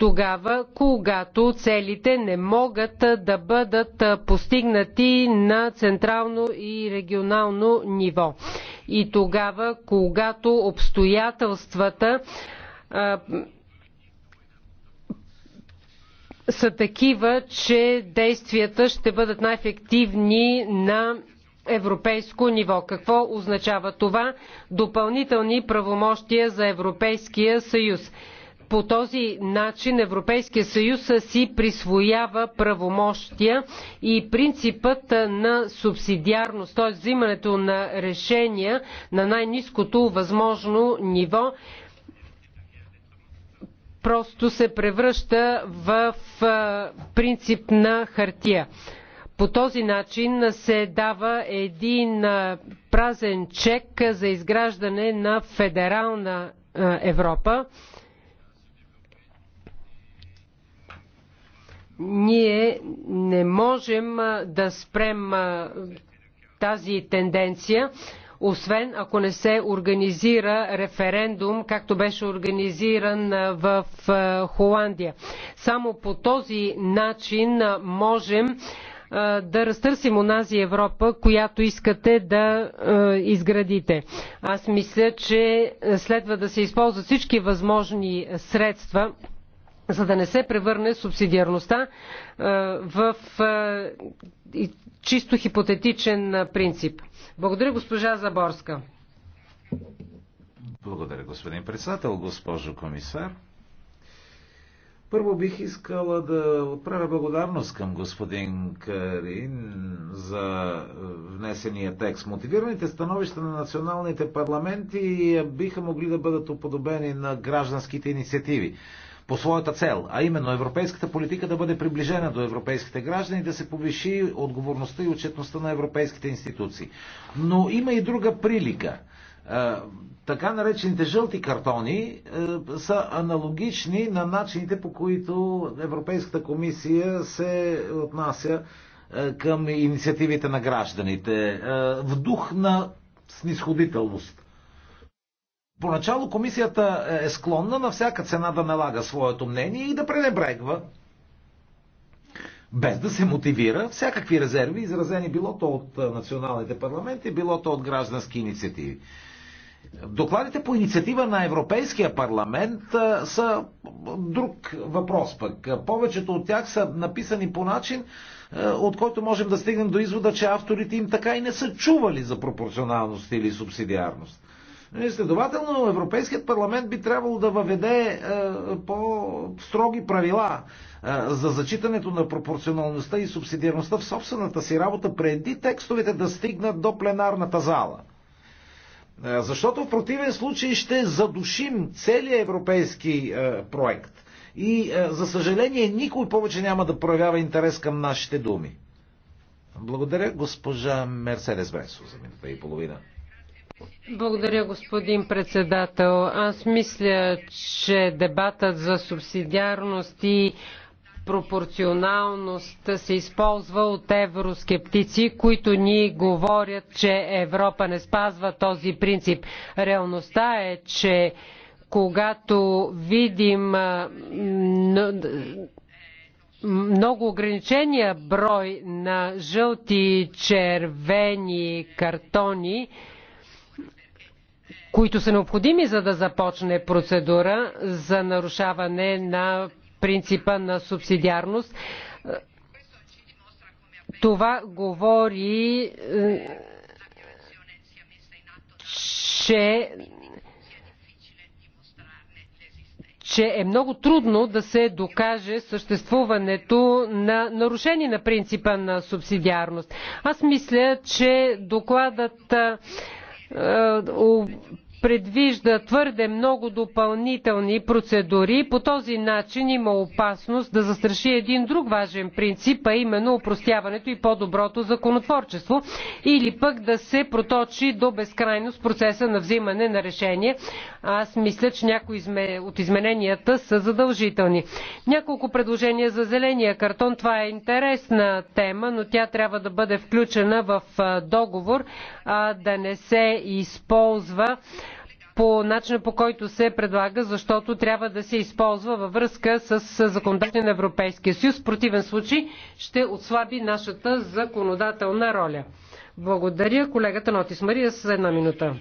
тогава, когато целите не могат да бъдат постигнати на централно и регионално ниво. И тогава, когато обстоятелствата а, са такива, че действията ще бъдат най-ефективни на европейско ниво. Какво означава това? Допълнителни правомощия за Европейския съюз по този начин Европейския съюз си присвоява правомощия и принципът на субсидиарност, т.е. взимането на решения на най-низкото възможно ниво, просто се превръща в принцип на хартия. По този начин се дава един празен чек за изграждане на федерална Европа. Ние не можем да спрем тази тенденция, освен ако не се организира референдум, както беше организиран в Холандия. Само по този начин можем да разтърсим онази Европа, която искате да изградите. Аз мисля, че следва да се използват всички възможни средства за да не се превърне субсидиарността е, в е, чисто хипотетичен е, принцип. Благодаря госпожа Заборска. Благодаря, господин председател, госпожо комисар. Първо бих искала да отправя благодарност към господин Карин за внесения текст. Мотивираните становища на националните парламенти биха могли да бъдат уподобени на гражданските инициативи по своята цел, а именно европейската политика да бъде приближена до европейските граждани, да се повиши отговорността и отчетността на европейските институции. Но има и друга прилика. Е, така наречените жълти картони е, са аналогични на начините по които Европейската комисия се отнася е, към инициативите на гражданите. В дух на снисходителност. Поначало комисията е, е склонна на всяка цена да налага своето мнение и да пренебрегва, без да се мотивира, всякакви резерви, изразени било то от е, националните парламенти, било то от граждански инициативи. Докладите по инициатива на Европейския парламент е, са друг въпрос пък. Повечето от тях са написани по начин, от който можем да стигнем до извода, че авторите им така и не са чували за пропорционалност или субсидиарност. Нали, следователно, Европейският парламент би трябвало да въведе е, по-строги правила е, за зачитането на пропорционалността и субсидиарността в собствената си работа, преди текстовете да стигнат до пленарната зала. Е, защото в противен случай ще задушим целия европейски проект. И, за съжаление, никой повече няма да проявява интерес към нашите думи. Благодаря госпожа Мерседес Бресо за минута и половина. Благодаря, господин председател. Аз мисля, че дебатът за субсидиарност и пропорционалност се използва от евроскептици, които ни говорят, че Европа не спазва този принцип. Реалността е, че когато видим много ограничения брой на жълти червени картони, които са необходими, за да започне процедура за нарушаване на принципа на субсидиарност. Това говори, че че е много трудно да се докаже съществуването на нарушение на принципа на субсидиарност. Аз мисля, че докладът uh, предвижда твърде много допълнителни процедури. По този начин има опасност да застраши един друг важен принцип, а именно упростяването и по-доброто законотворчество, или пък да се проточи до безкрайност процеса на взимане на решение. Аз мисля, че някои от измененията са задължителни. Няколко предложения за зеления картон. Това е интересна тема, но тя трябва да бъде включена в договор, а да не се използва по начина по който се предлага, защото трябва да се използва във връзка с законодателството на Европейския съюз. В противен случай ще отслаби нашата законодателна роля. Благодаря колегата Нотис Мария с една минута.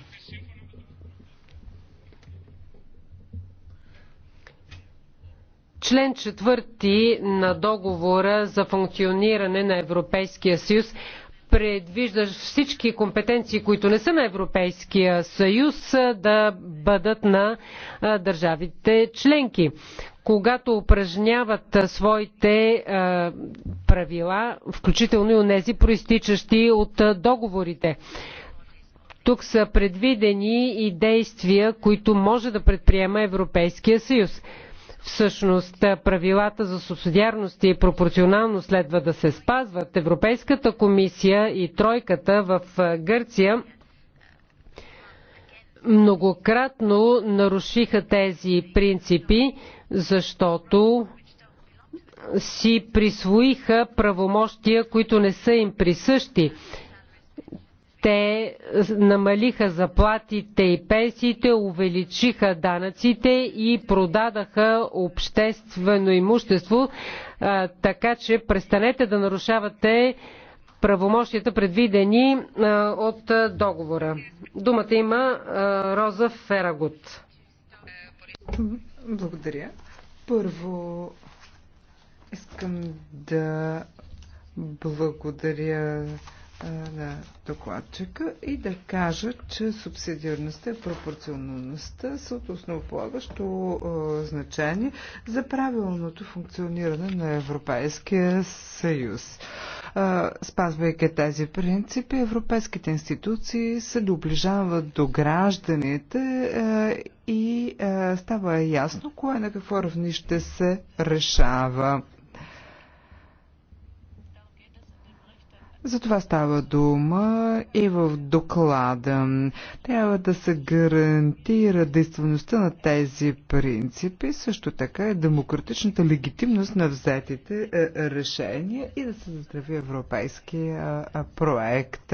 Член четвърти на договора за функциониране на Европейския съюз предвижда всички компетенции, които не са на Европейския съюз, да бъдат на държавите членки. Когато упражняват своите правила, включително и онези, проистичащи от договорите. Тук са предвидени и действия, които може да предприема Европейския съюз. Всъщност е, правилата за субсидиарност и пропорционалност следва да се спазват. Европейската комисия и тройката в е, Гърция многократно нарушиха тези принципи, защото си присвоиха правомощия, които не са им присъщи те намалиха заплатите и пенсиите, увеличиха данъците и продадаха обществено имущество, така че престанете да нарушавате правомощията предвидени от договора. Думата има Роза Ферагут. Благодаря. Първо искам да благодаря на докладчика и да кажа, че субсидиарността и пропорционалността са от основополагащо значение за правилното функциониране на Европейския съюз. Спазвайки тези принципи, европейските институции се доближават до гражданите и става ясно кое на какво равнище се решава. За това става дума и в доклада. Трябва да се гарантира действеността на тези принципи, също така и демократичната легитимност на взетите е, решения и да се заздрави европейския е, проект.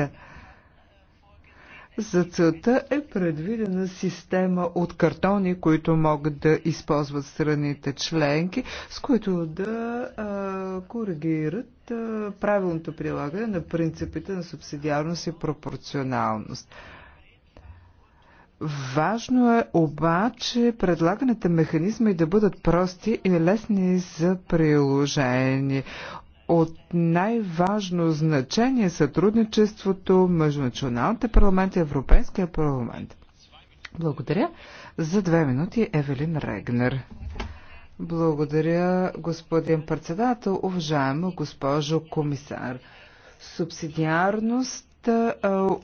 За целта е предвидена система от картони, които могат да използват страните членки, с които да а, коригират а, правилното прилагане на принципите на субсидиарност и пропорционалност. Важно е обаче предлаганите механизми да бъдат прости и лесни за приложение от най-важно значение сътрудничеството между националните парламент и Европейския парламент. Благодаря. За две минути Евелин Регнер. Благодаря, господин председател, уважаема госпожо комисар. Субсидиарност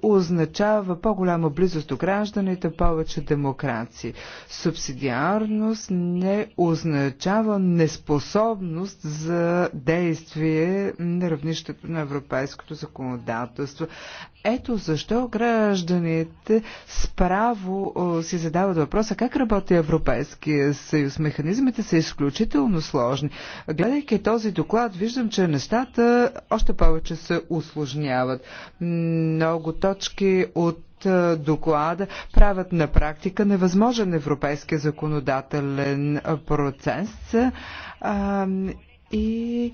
означава по-голяма близост до гражданите, повече демокрация. Субсидиарност не означава неспособност за действие на равнището на европейското законодателство. Ето защо гражданите справо си задават въпроса как работи Европейския съюз. Механизмите са изключително сложни. Гледайки този доклад, виждам, че нещата още повече се усложняват. Много точки от доклада правят на практика невъзможен европейски законодателен процес и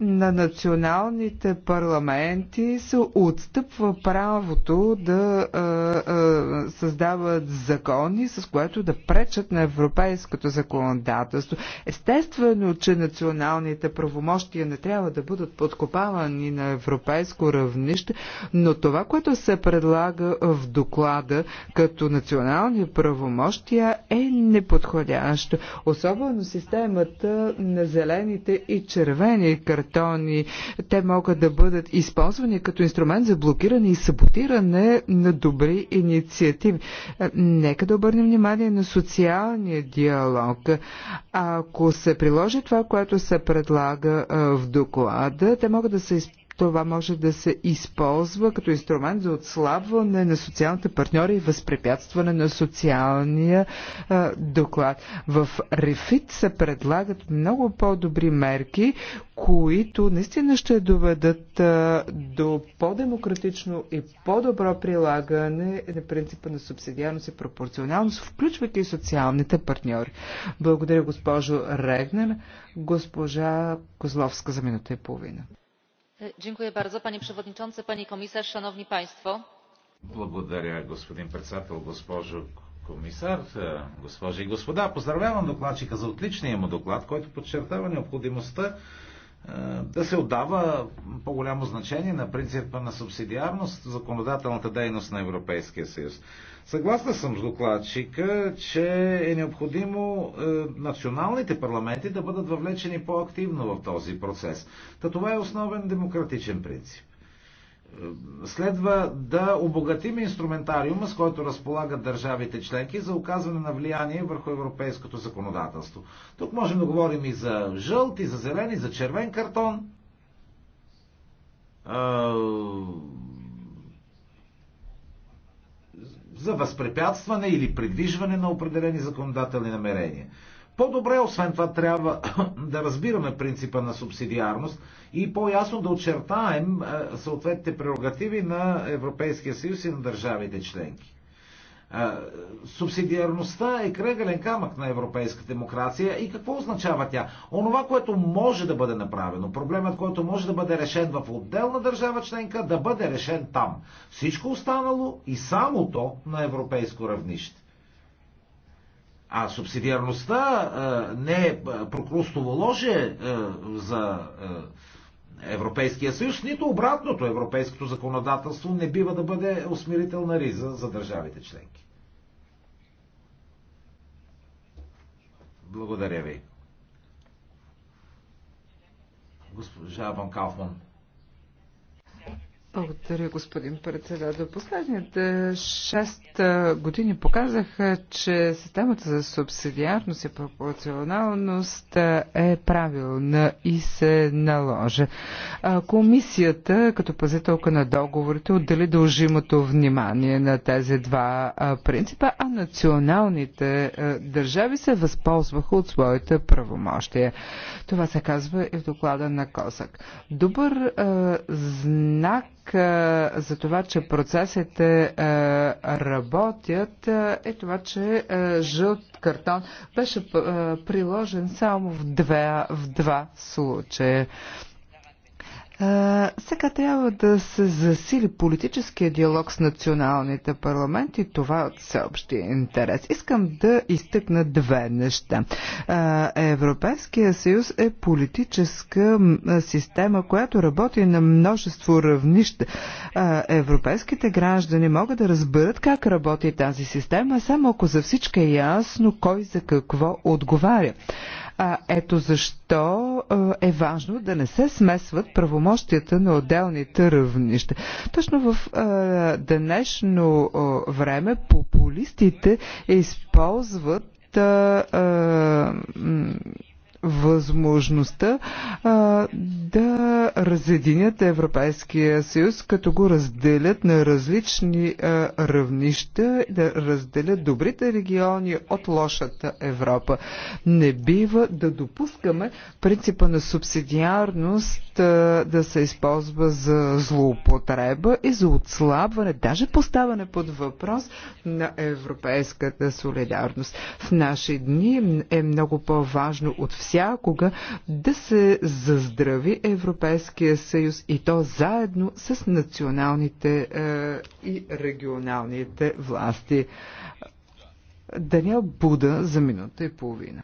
на националните парламенти се отстъпва правото да а, а, създават закони, с което да пречат на европейското законодателство. Естествено, че националните правомощия не трябва да бъдат подкопавани на европейско равнище, но това, което се предлага в доклада като национални правомощия е неподходящо. Особено системата на зелените и червени карти картони. Те могат да бъдат използвани като инструмент за блокиране и саботиране на добри инициативи. Е, нека да обърнем внимание на социалния диалог. Ако се приложи това, което се предлага е, в доклада, те могат да се използват това може да се използва като инструмент за отслабване на социалните партньори и възпрепятстване на социалния а, доклад. В Рефит се предлагат много по-добри мерки, които наистина ще доведат а, до по-демократично и по-добро прилагане на принципа на субсидиарност и пропорционалност, включвайки и социалните партньори. Благодаря, госпожо Регнер. Госпожа Козловска за минута и половина. E, panie przewodniczący! pani komisarz! szanowni państwo! Благодаря, господин председател, госпожо комисар, е, госпожи и господа. Поздравявам докладчика за отличния му доклад, който подчертава необходимостта е, да се отдава по-голямо значение на принципа на субсидиарност в законодателната дейност на Европейския съюз. Съгласна съм с докладчика, че е необходимо е, националните парламенти да бъдат въвлечени по-активно в този процес. Та това е основен демократичен принцип следва да обогатим инструментариума, с който разполагат държавите членки за оказване на влияние върху европейското законодателство. Тук можем да говорим и за жълт, и за зелен, и за червен картон. За възпрепятстване или придвижване на определени законодателни намерения. По-добре, освен това, трябва да разбираме принципа на субсидиарност и по-ясно да очертаем е, съответните прерогативи на Европейския съюз и на държавите членки. Е, субсидиарността е кръгален камък на европейска демокрация и какво означава тя? Онова, което може да бъде направено, проблемът, който може да бъде решен в отделна държава членка, да бъде решен там. Всичко останало и само то на европейско равнище. А субсидиарността е, не е, е прокрустово ложе е, за Европейския съюз, нито обратното. Европейското законодателство не бива да бъде усмирителна риза за държавите членки. Благодаря ви. Госпожа Ван Кауфман. Благодаря, господин председател. Последните шест години показаха, че системата за субсидиарност и пропорционалност е правилна и се наложи. Комисията, като пазителка на договорите, отдели дължимото внимание на тези два принципа, а националните държави се възползваха от своите правомощия. Това се казва и в доклада на Косак. Добър знак за това, че процесите работят е това, че жълт картон беше приложен само в два, в два случая сега трябва да се засили политическия диалог с националните парламенти. Това е от всеобщия интерес. Искам да изтъкна две неща. Европейския съюз е политическа система, която работи на множество равнища. Европейските граждани могат да разберат как работи тази система, само ако за всички е ясно кой за какво отговаря. А, ето защо е важно да не се смесват правомощията на отделните равнища. Точно в днешно време популистите използват възможността а, да разединят Европейския съюз, като го разделят на различни а, равнища, да разделят добрите региони от лошата Европа. Не бива да допускаме принципа на субсидиарност а, да се използва за злоупотреба и за отслабване, даже поставане под въпрос на европейската солидарност. В наши дни е много по-важно от всички всякога да се заздрави Европейския съюз и то заедно с националните е, и регионалните власти. Даниел Буда за минута и половина.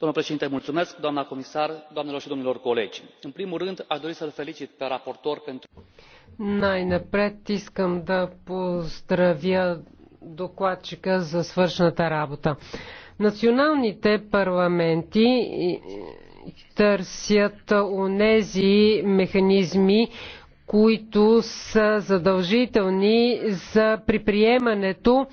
Domnul președinte, mulțumesc, doamna comisar, doamnelor și domnilor colegi. În primul rând, aș dori să-l felicit pe raportor pentru... Най-напред искам да поздравя докладчика за свършната работа. Националните парламенти търсят онези механизми, които са задължителни за приприемането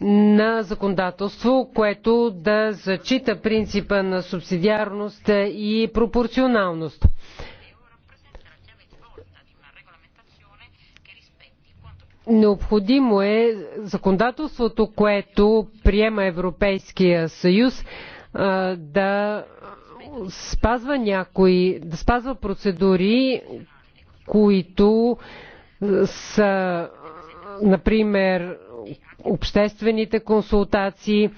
на законодателство, което да зачита принципа на субсидиарност и пропорционалност. Необходимо е законодателството, което приема Европейския съюз, да спазва някои, да спазва процедури, които са, например, обществените консултации.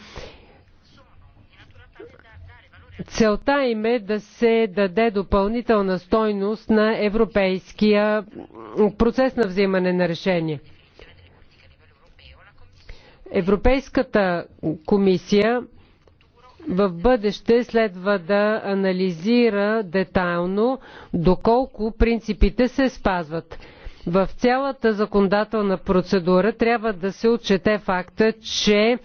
Целта им е да се даде допълнителна стойност на европейския процес на взимане на решения. Европейската комисия в бъдеще следва да анализира детайлно доколко принципите се спазват. В цялата законодателна процедура трябва да се отчете факта, че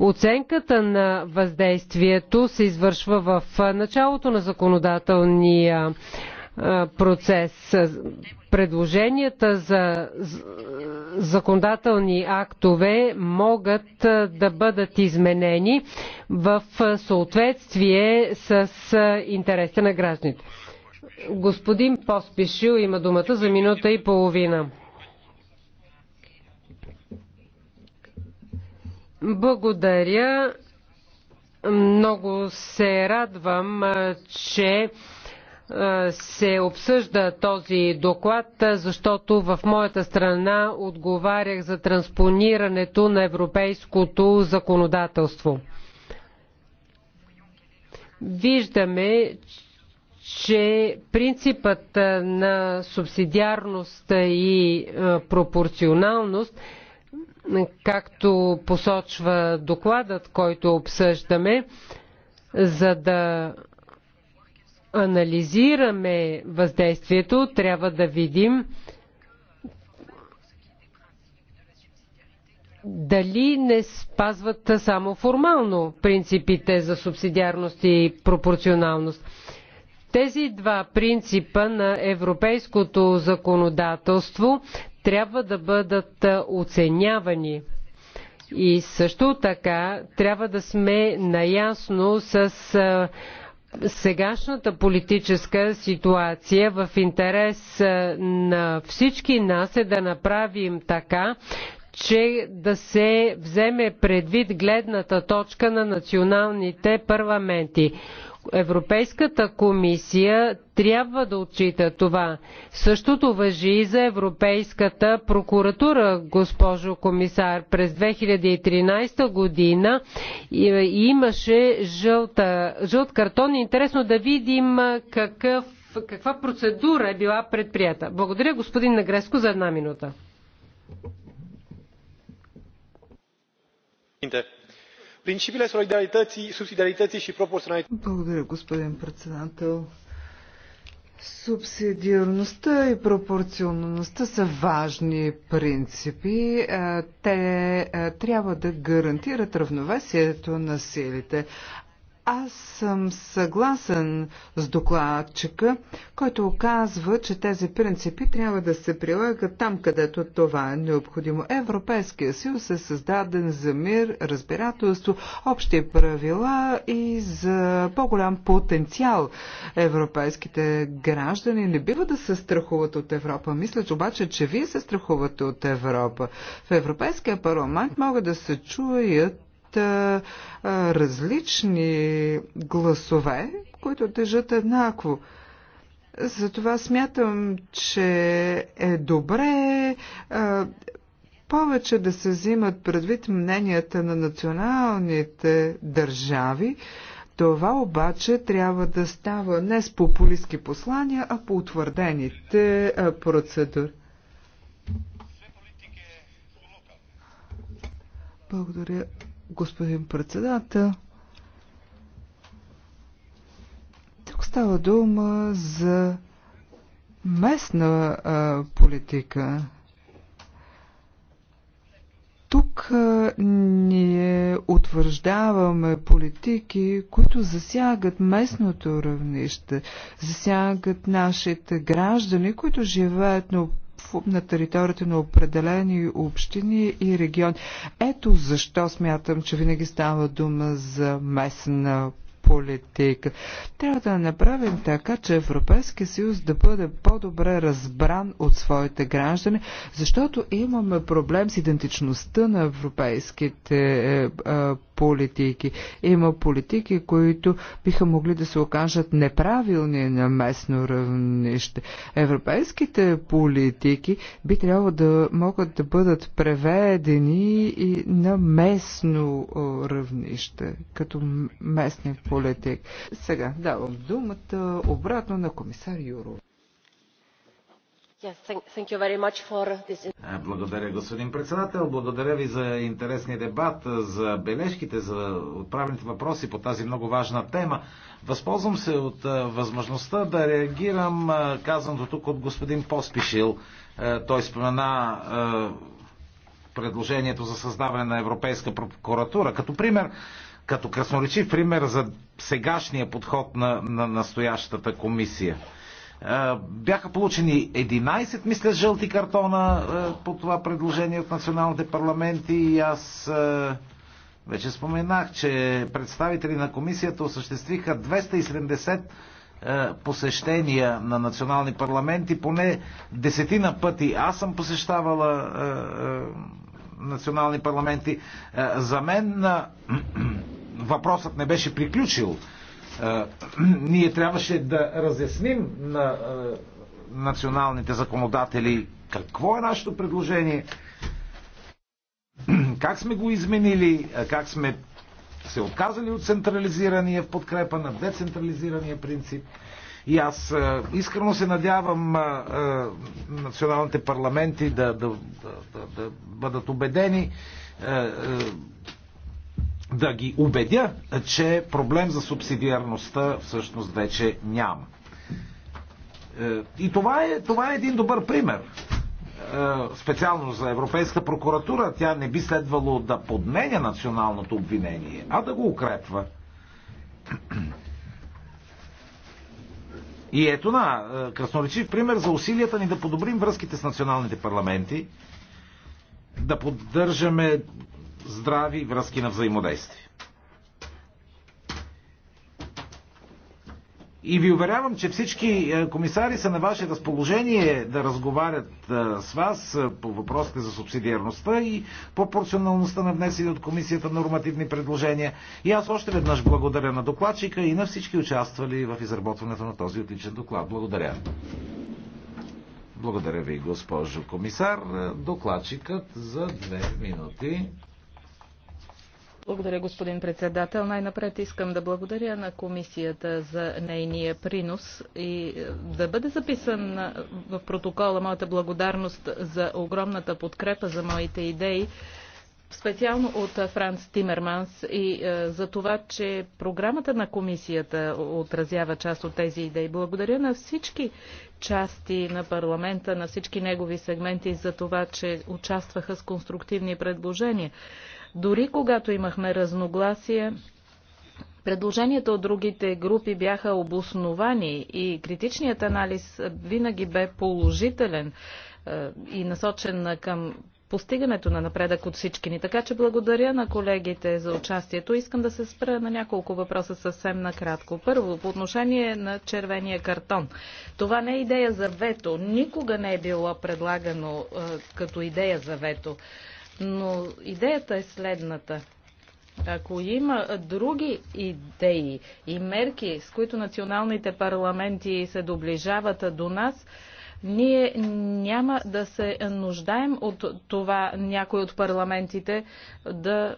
оценката на въздействието се извършва в началото на законодателния процес. Предложенията за законодателни актове могат да бъдат изменени в съответствие с интересите на гражданите. Господин Поспешил има думата за минута и половина. Благодаря. Много се радвам, че се обсъжда този доклад, защото в моята страна отговарях за транспонирането на европейското законодателство. Виждаме, че принципът на субсидиарност и пропорционалност, както посочва докладът, който обсъждаме, за да анализираме въздействието, трябва да видим дали не спазват само формално принципите за субсидиарност и пропорционалност. Тези два принципа на европейското законодателство трябва да бъдат оценявани. И също така трябва да сме наясно с сегашната политическа ситуация в интерес е, на всички нас е да направим така, че да се вземе предвид гледната точка на националните парламенти. Европейската комисия трябва да отчита това. Същото въжи и за Европейската прокуратура, госпожо комисар. През 2013 година имаше жълта, жълт картон. Интересно да видим какъв, каква процедура е била предприята. Благодаря господин Нагреско за една минута. Интер. Принципите солидаритății, субсидиаритății și пропорционалитății. Благодаря, господин председател. Субсидиарността и пропорционалността са важни принципи. Е, те е, трябва да гарантират равновесието на силите. Аз съм съгласен с докладчика, който казва, че тези принципи трябва да се прилагат там, където това е необходимо. Европейския съюз е създаден за мир, разбирателство, общи правила и за по-голям потенциал. Европейските граждани не бива да се страхуват от Европа. Мисля, че обаче, че вие се страхувате от Европа. В Европейския парламент могат да се чуят различни гласове, които тежат еднакво. Затова смятам, че е добре повече да се взимат предвид мненията на националните държави. Това обаче трябва да става не с популистски послания, а по утвърдените процедури. Благодаря господин председател. Тук става дума за местна а, политика. Тук а, ние утвърждаваме политики, които засягат местното равнище, засягат нашите граждани, които живеят на на територията на определени общини и региони. Ето защо смятам, че винаги става дума за местна политика. Трябва да направим така, че Европейския съюз да бъде по-добре разбран от своите граждани, защото имаме проблем с идентичността на европейските е, е, политики. Има политики, които биха могли да се окажат неправилни на местно равнище. Европейските политики би трябвало да могат да бъдат преведени и на местно е, равнище, като местни политики политик. Сега давам думата обратно на комисар Юров. Е, благодаря, господин председател. Благодаря ви за интересния дебат, за бележките, за отправените въпроси по тази много важна тема. Възползвам се от е, възможността да реагирам е, казаното тук от господин Поспишил. Той спомена предложението за създаване на Европейска прокуратура. Като пример, като красноречив пример за сегашния подход на, на настоящата комисия. Бяха получени 11, мисля, жълти картона по това предложение от националните парламенти и аз вече споменах, че представители на комисията осъществиха 270 посещения на национални парламенти, поне десетина пъти. Аз съм посещавала национални парламенти. За мен въпросът не беше приключил. Е, ние трябваше да разясним на е, националните законодатели какво е нашето предложение, как сме го изменили, е, как сме се отказали от централизирания в подкрепа на децентрализирания принцип. И аз искрено се надявам националните парламенти да, да, да, да, да бъдат убедени да ги убедя, че проблем за субсидиарността всъщност вече няма. Е, и това е, това е един добър пример. Е, специално за Европейска прокуратура тя не би следвало да подменя националното обвинение, а да го укрепва. И ето на е, красноречив пример за усилията ни да подобрим връзките с националните парламенти, да поддържаме здрави връзки на взаимодействие. И ви уверявам, че всички е, комисари са на ваше разположение да разговарят е, с вас е, по въпросите за субсидиарността и пропорционалността на внесени от комисията нормативни предложения. И аз още веднъж благодаря на докладчика и на всички участвали в изработването на този отличен доклад. Благодаря. Благодаря ви, госпожо комисар. Докладчикът за две минути. Благодаря, господин председател. Най-напред искам да благодаря на комисията за нейния принос и е, да бъде записан е, в протокола моята благодарност за огромната подкрепа за моите идеи специално от Франц Тимерманс и е, за това, че програмата на комисията отразява част от тези идеи. Благодаря на всички части на парламента, на всички негови сегменти за това, че участваха с конструктивни предложения. Дори когато имахме разногласия, Предложенията от другите групи бяха обосновани и критичният анализ винаги бе положителен е, и насочен към постигането на напредък от всички ни. Така че благодаря на колегите за участието. Искам да се спра на няколко въпроса съвсем накратко. Първо, по отношение на червения картон. Това не е идея за вето. Никога не е било предлагано а, е, като идея за вето. Но идеята е следната. Ако има други идеи и мерки, с които националните парламенти се доближават до нас, ние няма да се нуждаем от това някой от парламентите да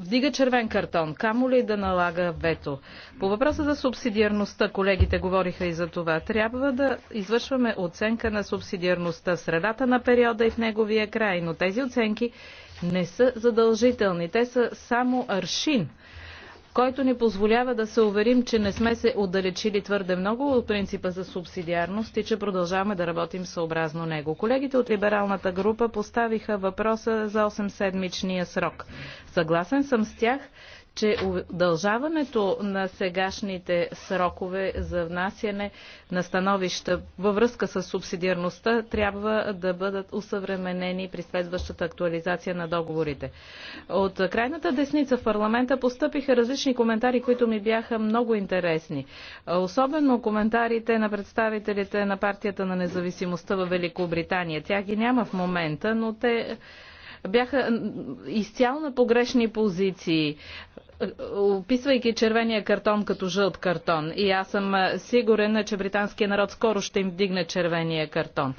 вдига червен картон, камо ли да налага вето. По въпроса за субсидиарността, колегите говориха и за това. Трябва да извършваме оценка на субсидиарността в средата на периода и в неговия край, но тези оценки не са задължителни. Те са само аршин който ни позволява да се уверим, че не сме се отдалечили твърде много от принципа за субсидиарност и че продължаваме да работим съобразно него. Колегите от либералната група поставиха въпроса за 8-седмичния срок. Съгласен съм с тях, че удължаването на сегашните срокове за внасяне на становища във връзка с субсидиарността трябва да бъдат усъвременени при следващата актуализация на договорите. От крайната десница в парламента постъпиха различни коментари, които ми бяха много интересни. Особено коментарите на представителите на партията на независимостта в Великобритания. Тя ги няма в момента, но те бяха изцяло на погрешни позиции описвайки червения картон като жълт картон. И аз съм сигурен, че британският народ скоро ще им вдигне червения картон.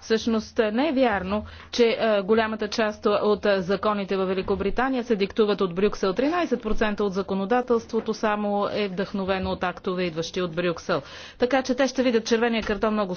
Всъщност не е вярно, че голямата част от законите в Великобритания се диктуват от Брюксел. 13% от законодателството само е вдъхновено от актове, идващи от Брюксел. Така че те ще видят червения картон много